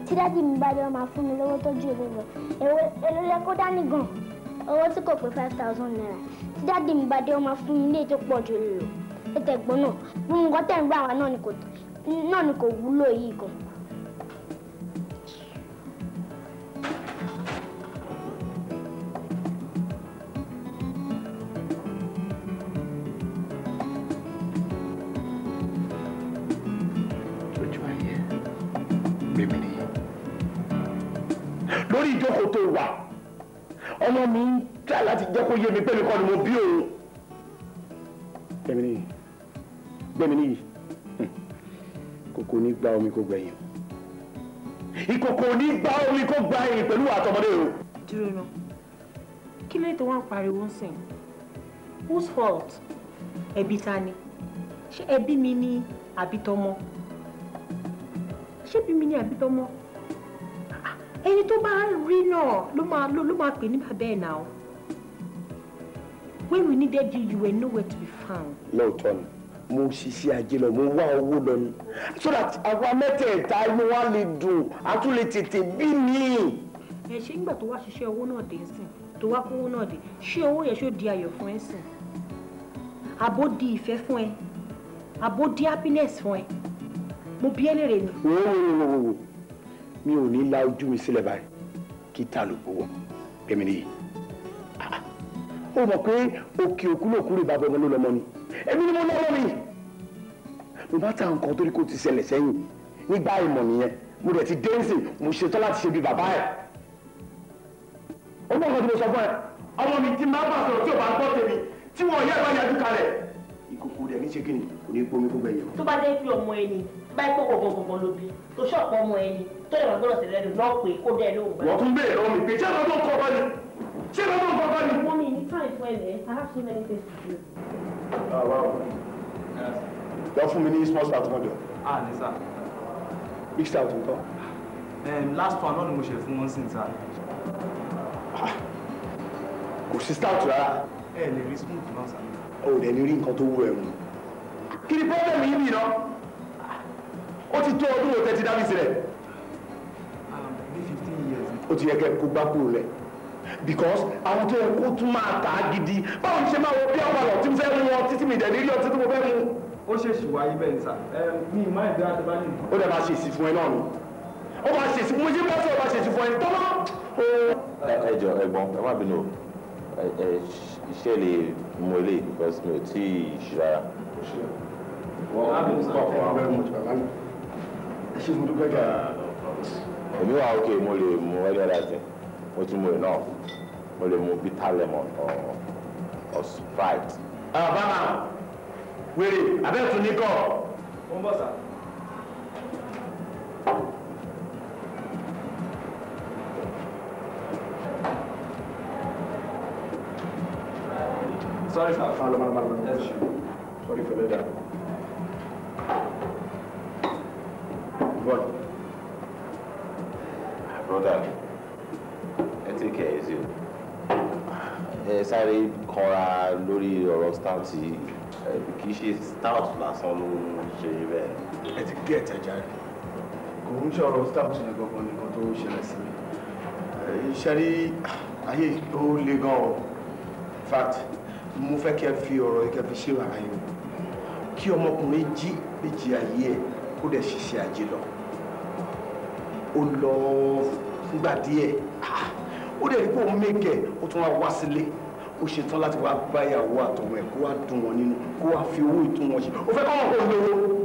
Speaker 5: tí dádì mi bá dé wọn máa fún mi lówó tó ju èlò lọ èlò lẹ kó dání gan owó tí kò pé five thousand naira tí dádì mi bá dé wọn máa fún mi ní ètò pọ̀ ju èlò lọ ètò ẹ̀gbọ́n náà bí nǹkan tẹ̀ ń gbà wá náà ni kò wúlò yìí gan.
Speaker 1: wà ọmọ mi ń tà láti jẹ́ kó yé mi pé mi kọ́ ni mo bí òun. gbẹ̀mí nìyí gbẹ̀mí nìyí hmm, kòkò ní gba omi kó gbẹ̀yìn ìkòkò ní gba omi kó gbẹ̀yìn pẹ̀lú àtọmọdé o.
Speaker 2: dúró náà kí ló tó wá ń pariwo ń sìn whose fault ẹbí ta ni ṣé ẹbí mi ni àbí tọmọ ṣé ẹbí mi ni àbí tọmọ ẹni tó bá rí náà ló máa ló ló máa pè ní bàbá náà when we needed you you were nowhere to be found.
Speaker 1: lóòótọ́ ni mo ṣiṣẹ́ ajé lọ mo wá owó lọ ni so that àwa mẹ́tẹ̀ẹ̀ta inú wa lè dùn a tún lè tètè bí mi.
Speaker 2: ẹ ṣe nígbà tó wá ṣiṣẹ́ owó náà dé sìn tó wá kówó náà dé ṣé owó yẹn ṣó di ayọ̀ fún ẹ sìn àbó di ìfẹ́ fún ẹ àbó di happiness fún ẹ mo bí ẹ lè rè ni.
Speaker 1: wò ó wò ó wò mi ò ní la ojú mi sílẹ̀ báyìí kí tá a lò bó wọ̀ bẹ́ẹ̀ mi o ah, ó mọ̀ pé òkè òkú lòkú rè bá bọ́ọ̀mọ́ ló lọ́mọ ni èmi ni mo lọ́wọ́ mi. mo bá ta nǹkan torí kó ti ṣẹlẹ̀ sẹ́yìn nígbà ìmọ̀ nìyẹn mo dẹ̀ ti dẹ́nsìn mo ṣetán láti ṣe bí bàbá ẹ̀. ó mọ̀ nǹkan tí mo sọ fún ẹ ọmọ mi ti máa bà sọ̀rọ̀ tí ò bá gbọ́ tèmi tí wọ́n yẹ́ ìbáyà dúkalẹ̀ ìkòkò rẹ̀ ní ṣe kí ni kò ní
Speaker 2: báyìí pé kò gbọ̀ngbọ̀n ló bí tó ṣọ̀pọ̀ ọmọ ẹni tó lè wà gbọ́dọ̀ sí lẹ́nu náà pé kó
Speaker 1: dẹ́ lóhùn. wọ́n tún bèèrè lọ́wọ́ pé ṣé lọ́dún kọ́ bá ní ṣé lọ́dún kọ́ bá ní.
Speaker 2: mo ní ní time fún ẹ I have so many things to do.
Speaker 1: Ah, wọ́n fún mi ní small start mọ́jọ. ah ní sá. big start nǹkan. last one náà ni mo ṣe fún wọn sí ní sá. Ah, kò sí start rárá. ẹ lè rí smooth náà sá. o ò dẹ̀ ní rí nǹkan tó wú ẹ̀rù.
Speaker 3: kí ni pọ́blẹ́mù yìí
Speaker 1: bì náà ó ti tó ọdún òtẹ́ ti dá mi sílẹ̀. Um, ó ti yẹ kẹ́ kó gbá kúrò because àwọn tó yẹ kó tún máa tà á gidi báwo ni ṣe máa wo bí ọ̀pá lọ tí mo fẹ́ mu ọ títí mi dẹ̀lí rí ọtí tí mo fẹ́ mu. ó ṣe ṣùwà yìí bẹ́ẹ̀ sà um, mi ì má ì dá àdébá nìyí. ó dẹ̀ bá ṣe èsì fún ẹ náà ni ó bá ṣe èsì mo ṣe bá sọ ọ bá ṣe èsì fún ẹ tó bá.
Speaker 4: ẹ jọ ẹ̀gbọ́n ẹ má bínú iṣẹ́ lè mú eléyìí because mi ò tí ì ṣe rárá.
Speaker 1: wọ́n ṣé mo dúpẹ́ kẹ́ ah, èmi wà ókè mo lè
Speaker 4: mu any other thing mo tún mu enough mo lè mu bitter lemon or or sprite.
Speaker 1: Ah, àbámà wèrè abẹ́ẹ̀tún ní kọ́. ó ń bọ̀ sá. sorry sir. sorry for that. God.
Speaker 4: Brother, I tí kẹ̀ ẹ́ you. o. Ẹ sáré kanra lórí ọ̀rọ̀ stout yìí. Kì í ṣe stout lásán ló ń ṣe
Speaker 1: bẹ́ẹ̀. Ẹ ti gé ẹ̀tẹ̀ jáde. Kò ń ṣe ọ̀rọ̀ stout yẹn gbọ̀ngàn nìkan tó ṣẹlẹ̀ sí mi. Ṣé rí ayé tó le gan o? Fact, mo fẹ́ kẹ́ fi ọ̀rọ̀ yìí kẹ́ fi ṣé wàhálà yìí o. Kí ọmọkùnrin jí méjì ayé ẹ̀ kó dẹ̀ ṣiṣẹ́ ajé lọ ó lọ fúngbà díẹ̀ ah, ó dẹ̀ rí pé òun mẹ́kẹ̀ ó tún wá wá sílé ó ṣetán láti wá bá àtọmọ ẹ̀ kó wá dùn wọn nínú kó wá fi owó ìtún wọn ṣe ó fẹ́ kọ́ wọn kó lówó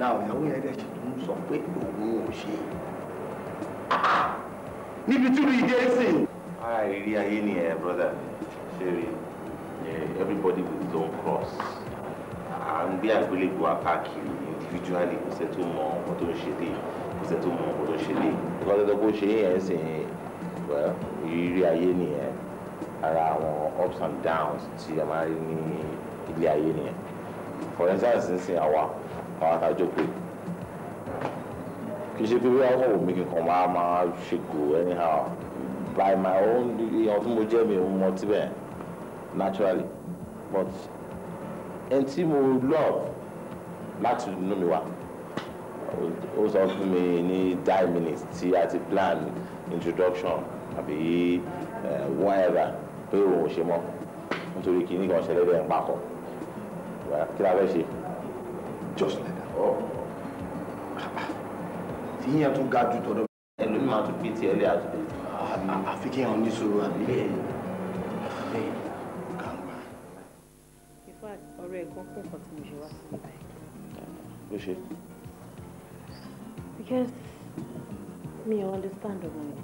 Speaker 1: náà ìyàwó yẹn dẹ̀ ṣe tún sọ pé òun ò ṣe
Speaker 4: ah, ah, níbi tí olùyí dé sí. ara ìrírí ayé nìyẹn brother ṣeré everybody with his own cross à ń gbé àgbélébùú akáàkiri individually kò sẹ́ tó mọ ọmọ tó ń ṣe dé kò sẹ́ni tó mọ ọkọ̀ tó ṣe lé nǹkan tó dọ́gbó ṣe yẹn sì ìrírí ayé nìyẹn ara àwọn ups and downs tí a máa rí ní ilé ayé nìyẹn for instance nísìnyí àwa àwọn àtàjọpọ̀ kì í ṣe pé bí wọ́n wò mí kí n kàn máa máa ṣe anyhow by my own ìyàn tí mo jẹ́ mi ò mọ tí bẹ́ẹ̀ naturally but ẹni tí mo love láti inú me. wá ó sọ fún mi ní nine minutes tí a ti plan introduction àbí eh, whatever pé òun ò ṣe mọ́ nítorí kìíní kan ṣẹlẹ̀ bẹ́ẹ̀ ń pàkọ́ kí la fẹ́ ṣe. just like that. Oh. tí yíyan tún ga ju tọ̀dọ̀. ẹlòmíì máa tún pt ẹlẹ́
Speaker 1: àtúndé. àfi kí ẹran ní sọ̀rọ̀ àbí.
Speaker 2: in fact ọ̀rọ̀ ẹ̀kan kún kan tí mo ṣe wá sí ibà yìí.
Speaker 1: ló
Speaker 4: ṣe
Speaker 2: because me ò understand ọmọ yẹn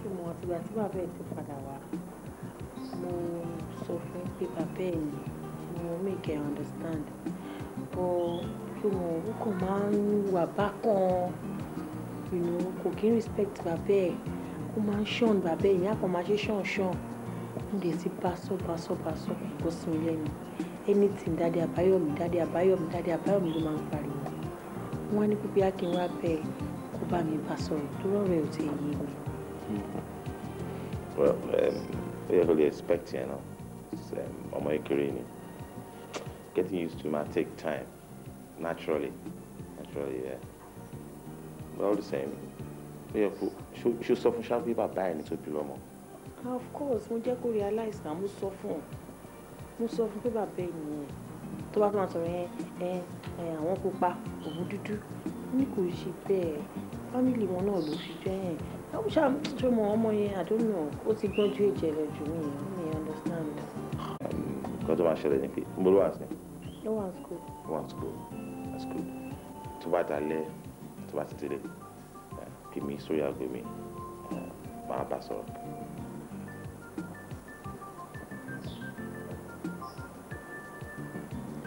Speaker 2: ṣé mo àtìgbà tí bàbá ẹ̀ ti padà wá mo sọ fún make her understand but ṣé mo ó kàn máa ń back on. you know kò kí ń respect bàbá ẹ̀ ó máa ń ṣàn bàbá ẹ̀ yẹn àpò máa ṣe ṣàn ṣàn mo lè ti baṣọ baṣọ baṣọ bó sí mi lẹ́nu anything dáadé àbáyọ̀mí dáadé àbáyọ̀mí dáadé àbáyọ̀mí you máa ń pariwo wọ́n ní pípé akin wá bẹ́ẹ̀ kó bá mi bá sọ̀rọ̀ tó rọ̀rọ̀ ẹ̀ ò ti
Speaker 3: yé mi.
Speaker 4: Hmm. well um, ó yẹ kó lè expect yẹn náà um, ọmọ ìkéré ni getting used to ma take time naturally naturally yeah. but all the same ó yẹ kó ṣó sọ fún ṣáà pé bàbá ẹ̀ ní tó
Speaker 2: of course mo jẹ́ kó realize na mo sọ fún ọ mo sọ fún pé bàbá ẹ̀ nìyẹn tó bá máa sọ̀rọ̀ yẹn àwọn pupa òwú dúdú ní kò ṣe bẹ́ẹ̀ fámìlì wọn náà ló fi jẹ́ yẹn ó ṣàmọ ọmọ yẹn àdónà ó ti gbọ́n ju èjì rẹ̀ jù mí yẹn mi understand.
Speaker 4: nǹkan tó máa ṣẹlẹ̀ ni pé mo ló wà sí. ló school. ló wà school at school tó bá dalẹ̀ tó bá ti délé kí mi sórí àgbo mi eh, máa bá sọ̀rọ̀.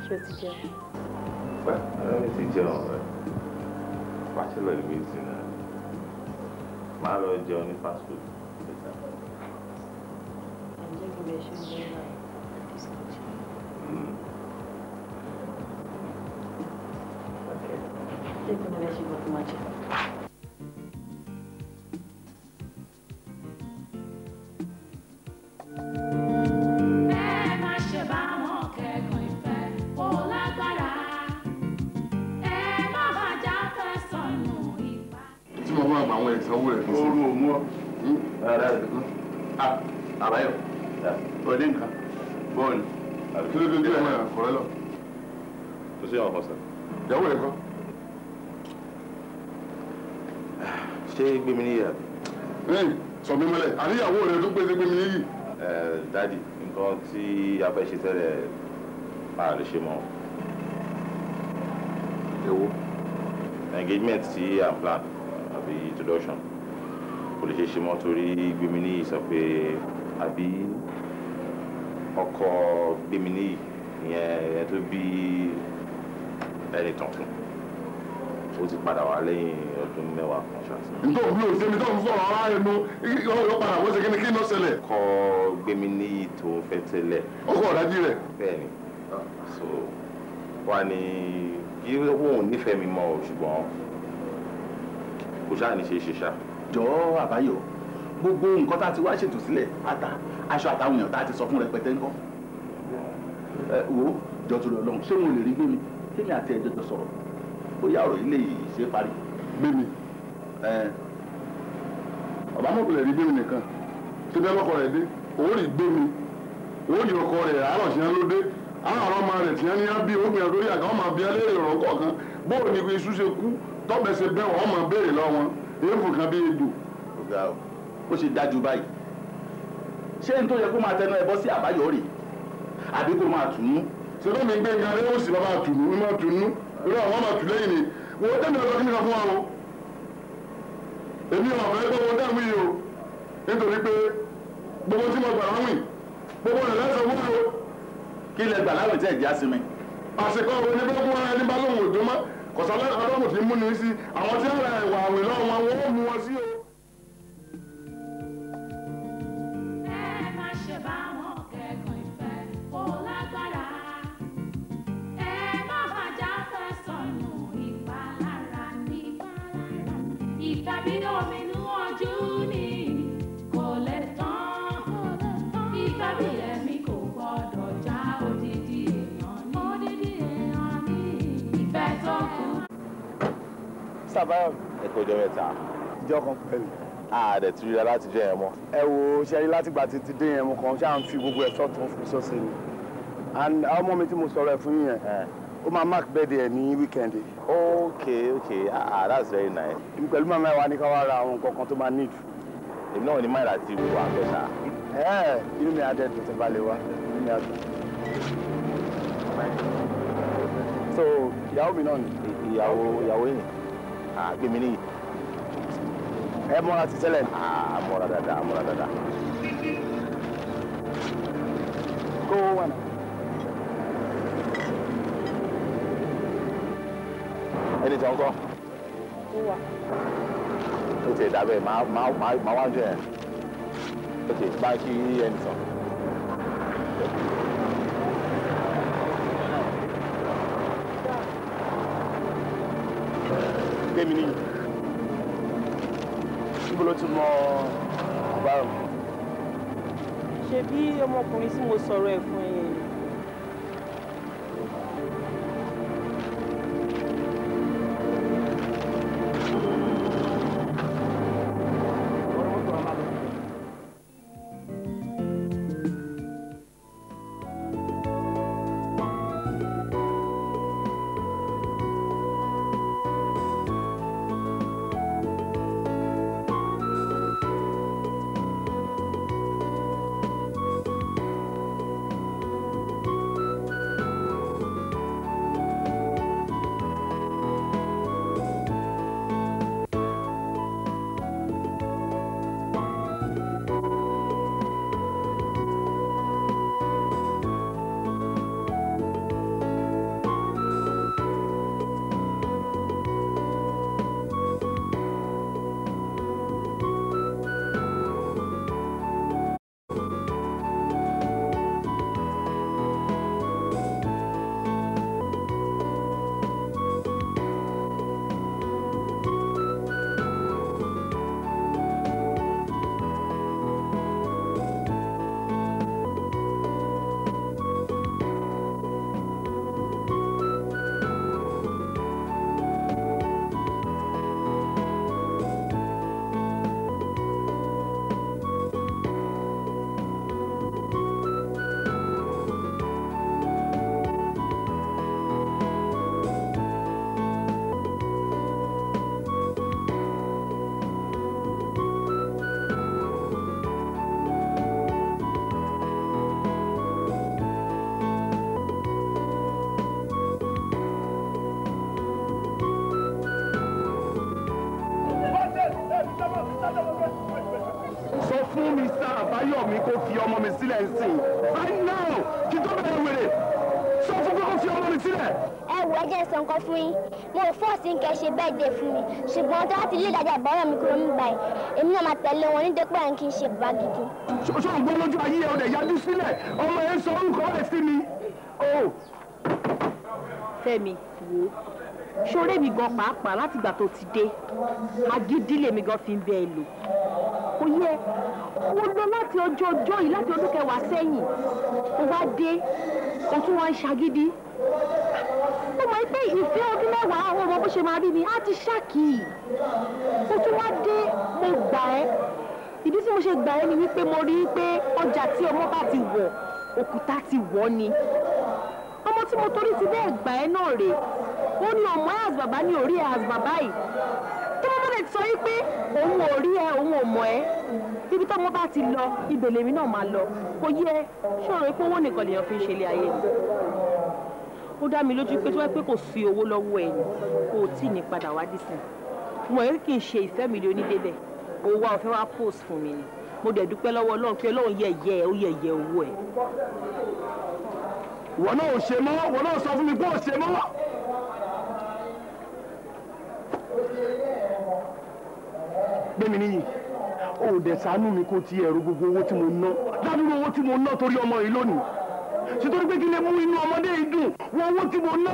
Speaker 4: ṣé o ti jẹun. pẹ́ ara mi ti jẹun rẹ̀ pàṣẹlẹ̀ lè wéjì náà máa lọ àníyàwó rẹ tó gbèsè gbèmí yìí. ẹ dadi nǹkan tí a fẹ́ ṣe tẹ́lẹ̀ máa lè ṣe mọ́. ewo. engagement tí à plan àbí introduction kò lè ṣe ṣe mọ́ torí gbèmí ní sọ pé àbí ọkọ gbèmí ní ìyẹn tó bí ẹni tọ̀tún ó ti padà wá lẹ́yìn ọdún mẹ́wàá kan ṣáàtì. nítorí òbí ò sẹ́mi tó ń sọ̀rọ̀
Speaker 3: ara ẹnu yóò padà wọ́n ṣe kíni kí ló ṣẹlẹ̀.
Speaker 4: kọ gbẹmí níyì tó ń fẹ́ tẹ́lẹ̀. ọkọ ọ̀dájú rẹ̀. bẹ́ẹ̀ni so wà ní kí wọn nífẹ̀ẹ́ mi mọ́ ṣùgbọ́n kò ṣáà ní ṣe é ṣe ṣá. jọ̀ọ́
Speaker 1: àbáyọ gbogbo nǹkan tá a ti wá ṣètò sílẹ̀ ata aṣọ àtàwọn èèyàn tá a ti sọ fún rẹpẹtẹ ńkọ́. ẹ wo jọ̀tún lọ́lọ́run ṣé mo lè rí gbé mi kémi àti ẹ̀jọ̀ jọ sọ̀rọ̀ bóyá ọ̀rọ̀ ilé yìí ṣe parí. bẹ́ẹ̀ni ọba mọ̀kùnrin rí bẹ́ẹ̀ni nìkan tó bẹ́ẹ̀ lọ́kọ rẹ̀ dé òun rí gbẹ́mi òun ọkọ rẹ̀ àárọ̀ sí ló dé àwọn ọmọ rẹ̀ tiẹ́ ní á bí òun àga ọmọ àbí ẹlẹ́rìí ọ̀rọ̀ kọ̀ọ̀kan bóò ní iṣu ṣe kú béèrè kan bí egbò. ó ṣe dájú báyìí ṣé n tó ìrọ̀ àwọn ọmọ tùlẹ́yìn ni wọ́n tẹ́lẹ̀ ọ̀dọ́ kí nìkan fún wa o èmi ọ̀fẹ́ gbọ́ wọn dáhùn yìí o nítorí pé gbogbo tí mo gbà láwìn gbogbo rẹ̀ lẹ́sẹ̀ wúlò kí lẹ gbà láwìn tẹ̀ já sí mi. àsìkò ọ̀rọ̀ ní bọ́kú ara ẹni bá lóun ò dó mọ́ kọ̀sán ọlọ́run ti mú ni sí àwọn tí ó ra ẹ̀wà àwìn lọ́wọ́ wọn wọ́n mú wọn sí o.
Speaker 4: Sabayọ̀mí. ẹ kó ọjọ́ ìjọ kan pẹ̀lú. a dẹ̀ ti ríra láti jẹ́ yẹn
Speaker 1: ẹ wo ṣe rí láti gbà títí dé yẹn ṣáà ń fi gbogbo ẹ̀ sọ́tún fún sọ́sẹ̀ ni and ọmọ mi tí mo sọ̀rọ̀ ẹ̀ fún yín ó máa mark birthday ẹ̀ ní weekend. ok ok ah that's very nice. èmi pẹ̀lú màmá ẹ̀ wá ní ká wá ra àwọn nǹkan kan tó máa
Speaker 4: need. èmi náà ní máìlá ti wà bẹ́tà. ẹ so ìyàwó mi náà ni. ìyàwó ìyàwó yìí. Ah, gbèmí nìyí ẹ mọ́ra ti tẹ́lẹ̀ ah, mọ́ra dáadáa mọ́ra dáadáa. kó o wà náà. ẹni tí wọn kọ. ó ti dàbẹ̀ máa wá ń jẹ ẹ̀ ó ti bá kí ẹni sàn.
Speaker 1: mi nìyí níbo ló ti mọ àbárò. ṣebí ọmọkùnrin tí mo
Speaker 2: sọ̀rọ̀
Speaker 3: ẹ̀ fún yẹn
Speaker 1: lẹ̀ ń sìn right now
Speaker 3: kí tó wèrè sọ fún pé fi ọmọ mi sílẹ̀.
Speaker 5: ẹ wọ ẹ jẹ́ sọ̀nkọ́ fún yín mo fọ́ọ̀sì kẹ́ ṣe bẹ́ẹ̀ dé fún mi ṣùgbọ́n tó láti lé ìdájà ìbára mi kúrò nígbà yìí èmi náà máa tẹ̀lé wọn ní dẹ́pẹ́ àǹkí ṣe bàbá gidi.
Speaker 1: ṣoṣo ògbó lójú ayé ẹ ọdẹ yájú sílẹ̀ ọmọ
Speaker 5: ẹ sọ orúkọ rẹ sí mi. Fẹ́mi
Speaker 3: wo
Speaker 2: ṣoré mi gan pàápàá látìgbà tó ti dé agídí lèmi gan fi ń bẹ ẹ lò kò yẹ o lọ láti ọjọ́ ọjọ́ yìí láti ọdún kẹwàá sẹ́yìn o wá dé o tún wá ń ṣagídí ó mọ̀ pé ìfẹ́ ọdún mẹ́wàá àwọn ọmọ bó ṣe máa rí ni á ti ṣáàkì o tún wá dé mo gbà ẹ́ ìdí tí mo ṣe gbà ẹ́ ni wípé mo rí i pé ọjà tí ọmọ bá ti wọ̀ òkúta ti wọ̀ ni ọmọ tí mo torí ti bẹ́ẹ̀ gbà ẹ́ náà rèé ó ní ọmọ ẹ̀ àzbàbá ní orí ẹ̀ àzbàbá yìí tó bá bẹ̀rẹ̀ sọ yí pé òun ò rí ẹ òun ò mọ̀ ẹ́ ibi tó mo bá ti lọ ibẹ̀ lèmi náà máa lọ kò yẹ ṣọ̀rọ̀ pé owó nìkan lèèyàn fi ń ṣe ilé ayé ó dá mi lójú pé tó wáá pé kò sí owó lọ́wọ́ ẹ̀ kò tí ì ní padà wá dísìn mo yẹ kí n ṣe ìfẹ́ mi lóní débẹ̀ ó wá ọ̀fẹ́ wá post fún mi ni mo dẹ̀ dúpẹ́ lọ́wọ́ ọlọ́run pé ọlọ́run yẹ ẹ̀yẹ ó yẹ owó ẹ̀.
Speaker 1: wọn náà ò ṣe mọ́ wọn náà sọ fún mi pé ò ṣe mọ́ gbẹmí nìyí o dẹ̀ ṣàánú mi kó ti ẹ̀rọ gbogbo owó tí mo ná ládùúgbò owó tí mo ná torí ọmọ yìí lónìí ṣètòrí pé kí lè mú inú ọmọdé yìí dùn wọ owó tí mo ná.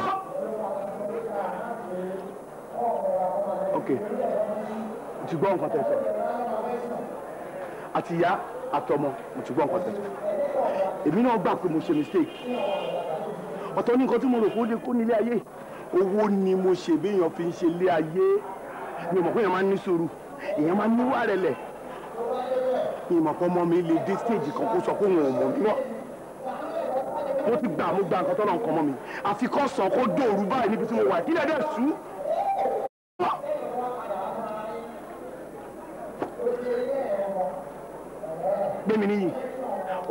Speaker 1: ok mo ti gbọ́ nǹkan tẹ̀ sọ àti ìyá àtọmọ mo ti gbọ́ nǹkan tẹ̀ sọ èmi náà gbà pé mo ṣe mistake ọ̀tọ̀ ní nǹkan tí mo rò kó lè kó nílé ayé owó ni mo ṣe béèyàn fi ń ṣe lé ayé ni mo mọ̀ pé èèyàn máa ń ní sùúrù èèyàn máa níwá rẹ̀ lẹ̀ ìmọ̀pọ̀ ọmọ mi lè dé stage kan kó sọ pé òun ò mọ̀ mí mọ́ mo ti gbà mo gba nǹkan tó náà mọ́ mi àfi kọ́ sàn kó dòru báyìí níbi tí mo wà ìdílé dẹ̀ sú. gbẹ̀mí nìyí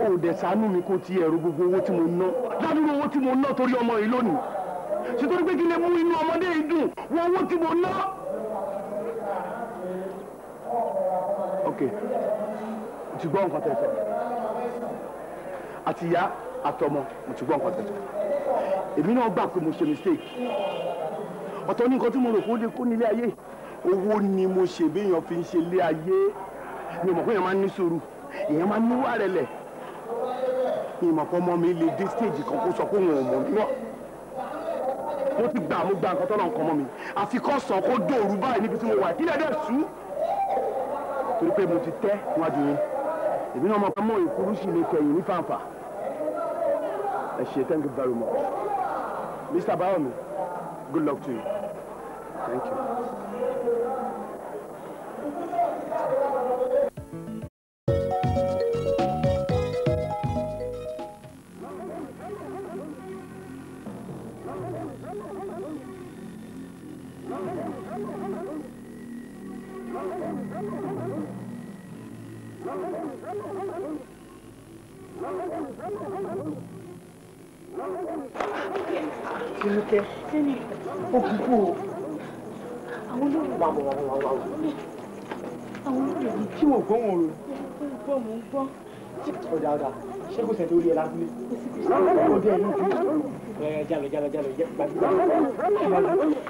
Speaker 1: o dẹ̀ ṣàánú mi kó ti ẹ̀rọ gbogbo owó tí mo ná dádúró owó tí mo ná torí ọmọ yìí lónìí ṣètò pé kí lè mú inú ọmọdé
Speaker 3: yìí dùn wọ owó tí mo ná.
Speaker 1: okay mo ti gbọ́ nǹkan tẹ̀ sọ àti ìyá àtọmọ mo ti gbọ́ nǹkan tẹ̀ sọ èmi náà gbà pé mo ṣe mistake ọ̀tọ̀ ní nǹkan tí mo rò kó lè kó nílé ayé owó ni mo ṣe béèyàn fi ń ṣe lé ayé ni mọ̀ pé èèyàn máa ń ní sùúrù èèyàn máa ń níwà rẹ̀ lẹ̀ ìmọ̀ kan mọ́ mi lè dé stage kan kó sọ pé òun ò mọ̀ mí mọ́ mo ti gbà mo gba nǹkan tọ́lọ̀ nǹkan mọ́ mi àfi sàn kó dòrú báyìí níbi tí mo wà kí lẹ́dẹ̀ sùn torí pé mo ti tẹ́ wájú yín èmi náà mọ̀ pé mo ìkúrú sì lè kẹ̀yìn ní fàǹfà ẹ ṣe thank you very much Mr. Bayomi good luck to you thank you.
Speaker 3: jẹ ó kúkú o
Speaker 1: àwọn olóòrùn wà wà wà wà àwọn olóòrùn tí wọ́n gbọ́ wọn
Speaker 3: rò gbọ́ mò ń gbọ́.
Speaker 1: ọ̀dà ọ̀dà ṣé kò sẹ́ni orí ẹ̀ lábúlé ọ̀dà ẹ̀ ló dé ẹ̀ jálọ jálọ jálọ jálọ jálọ.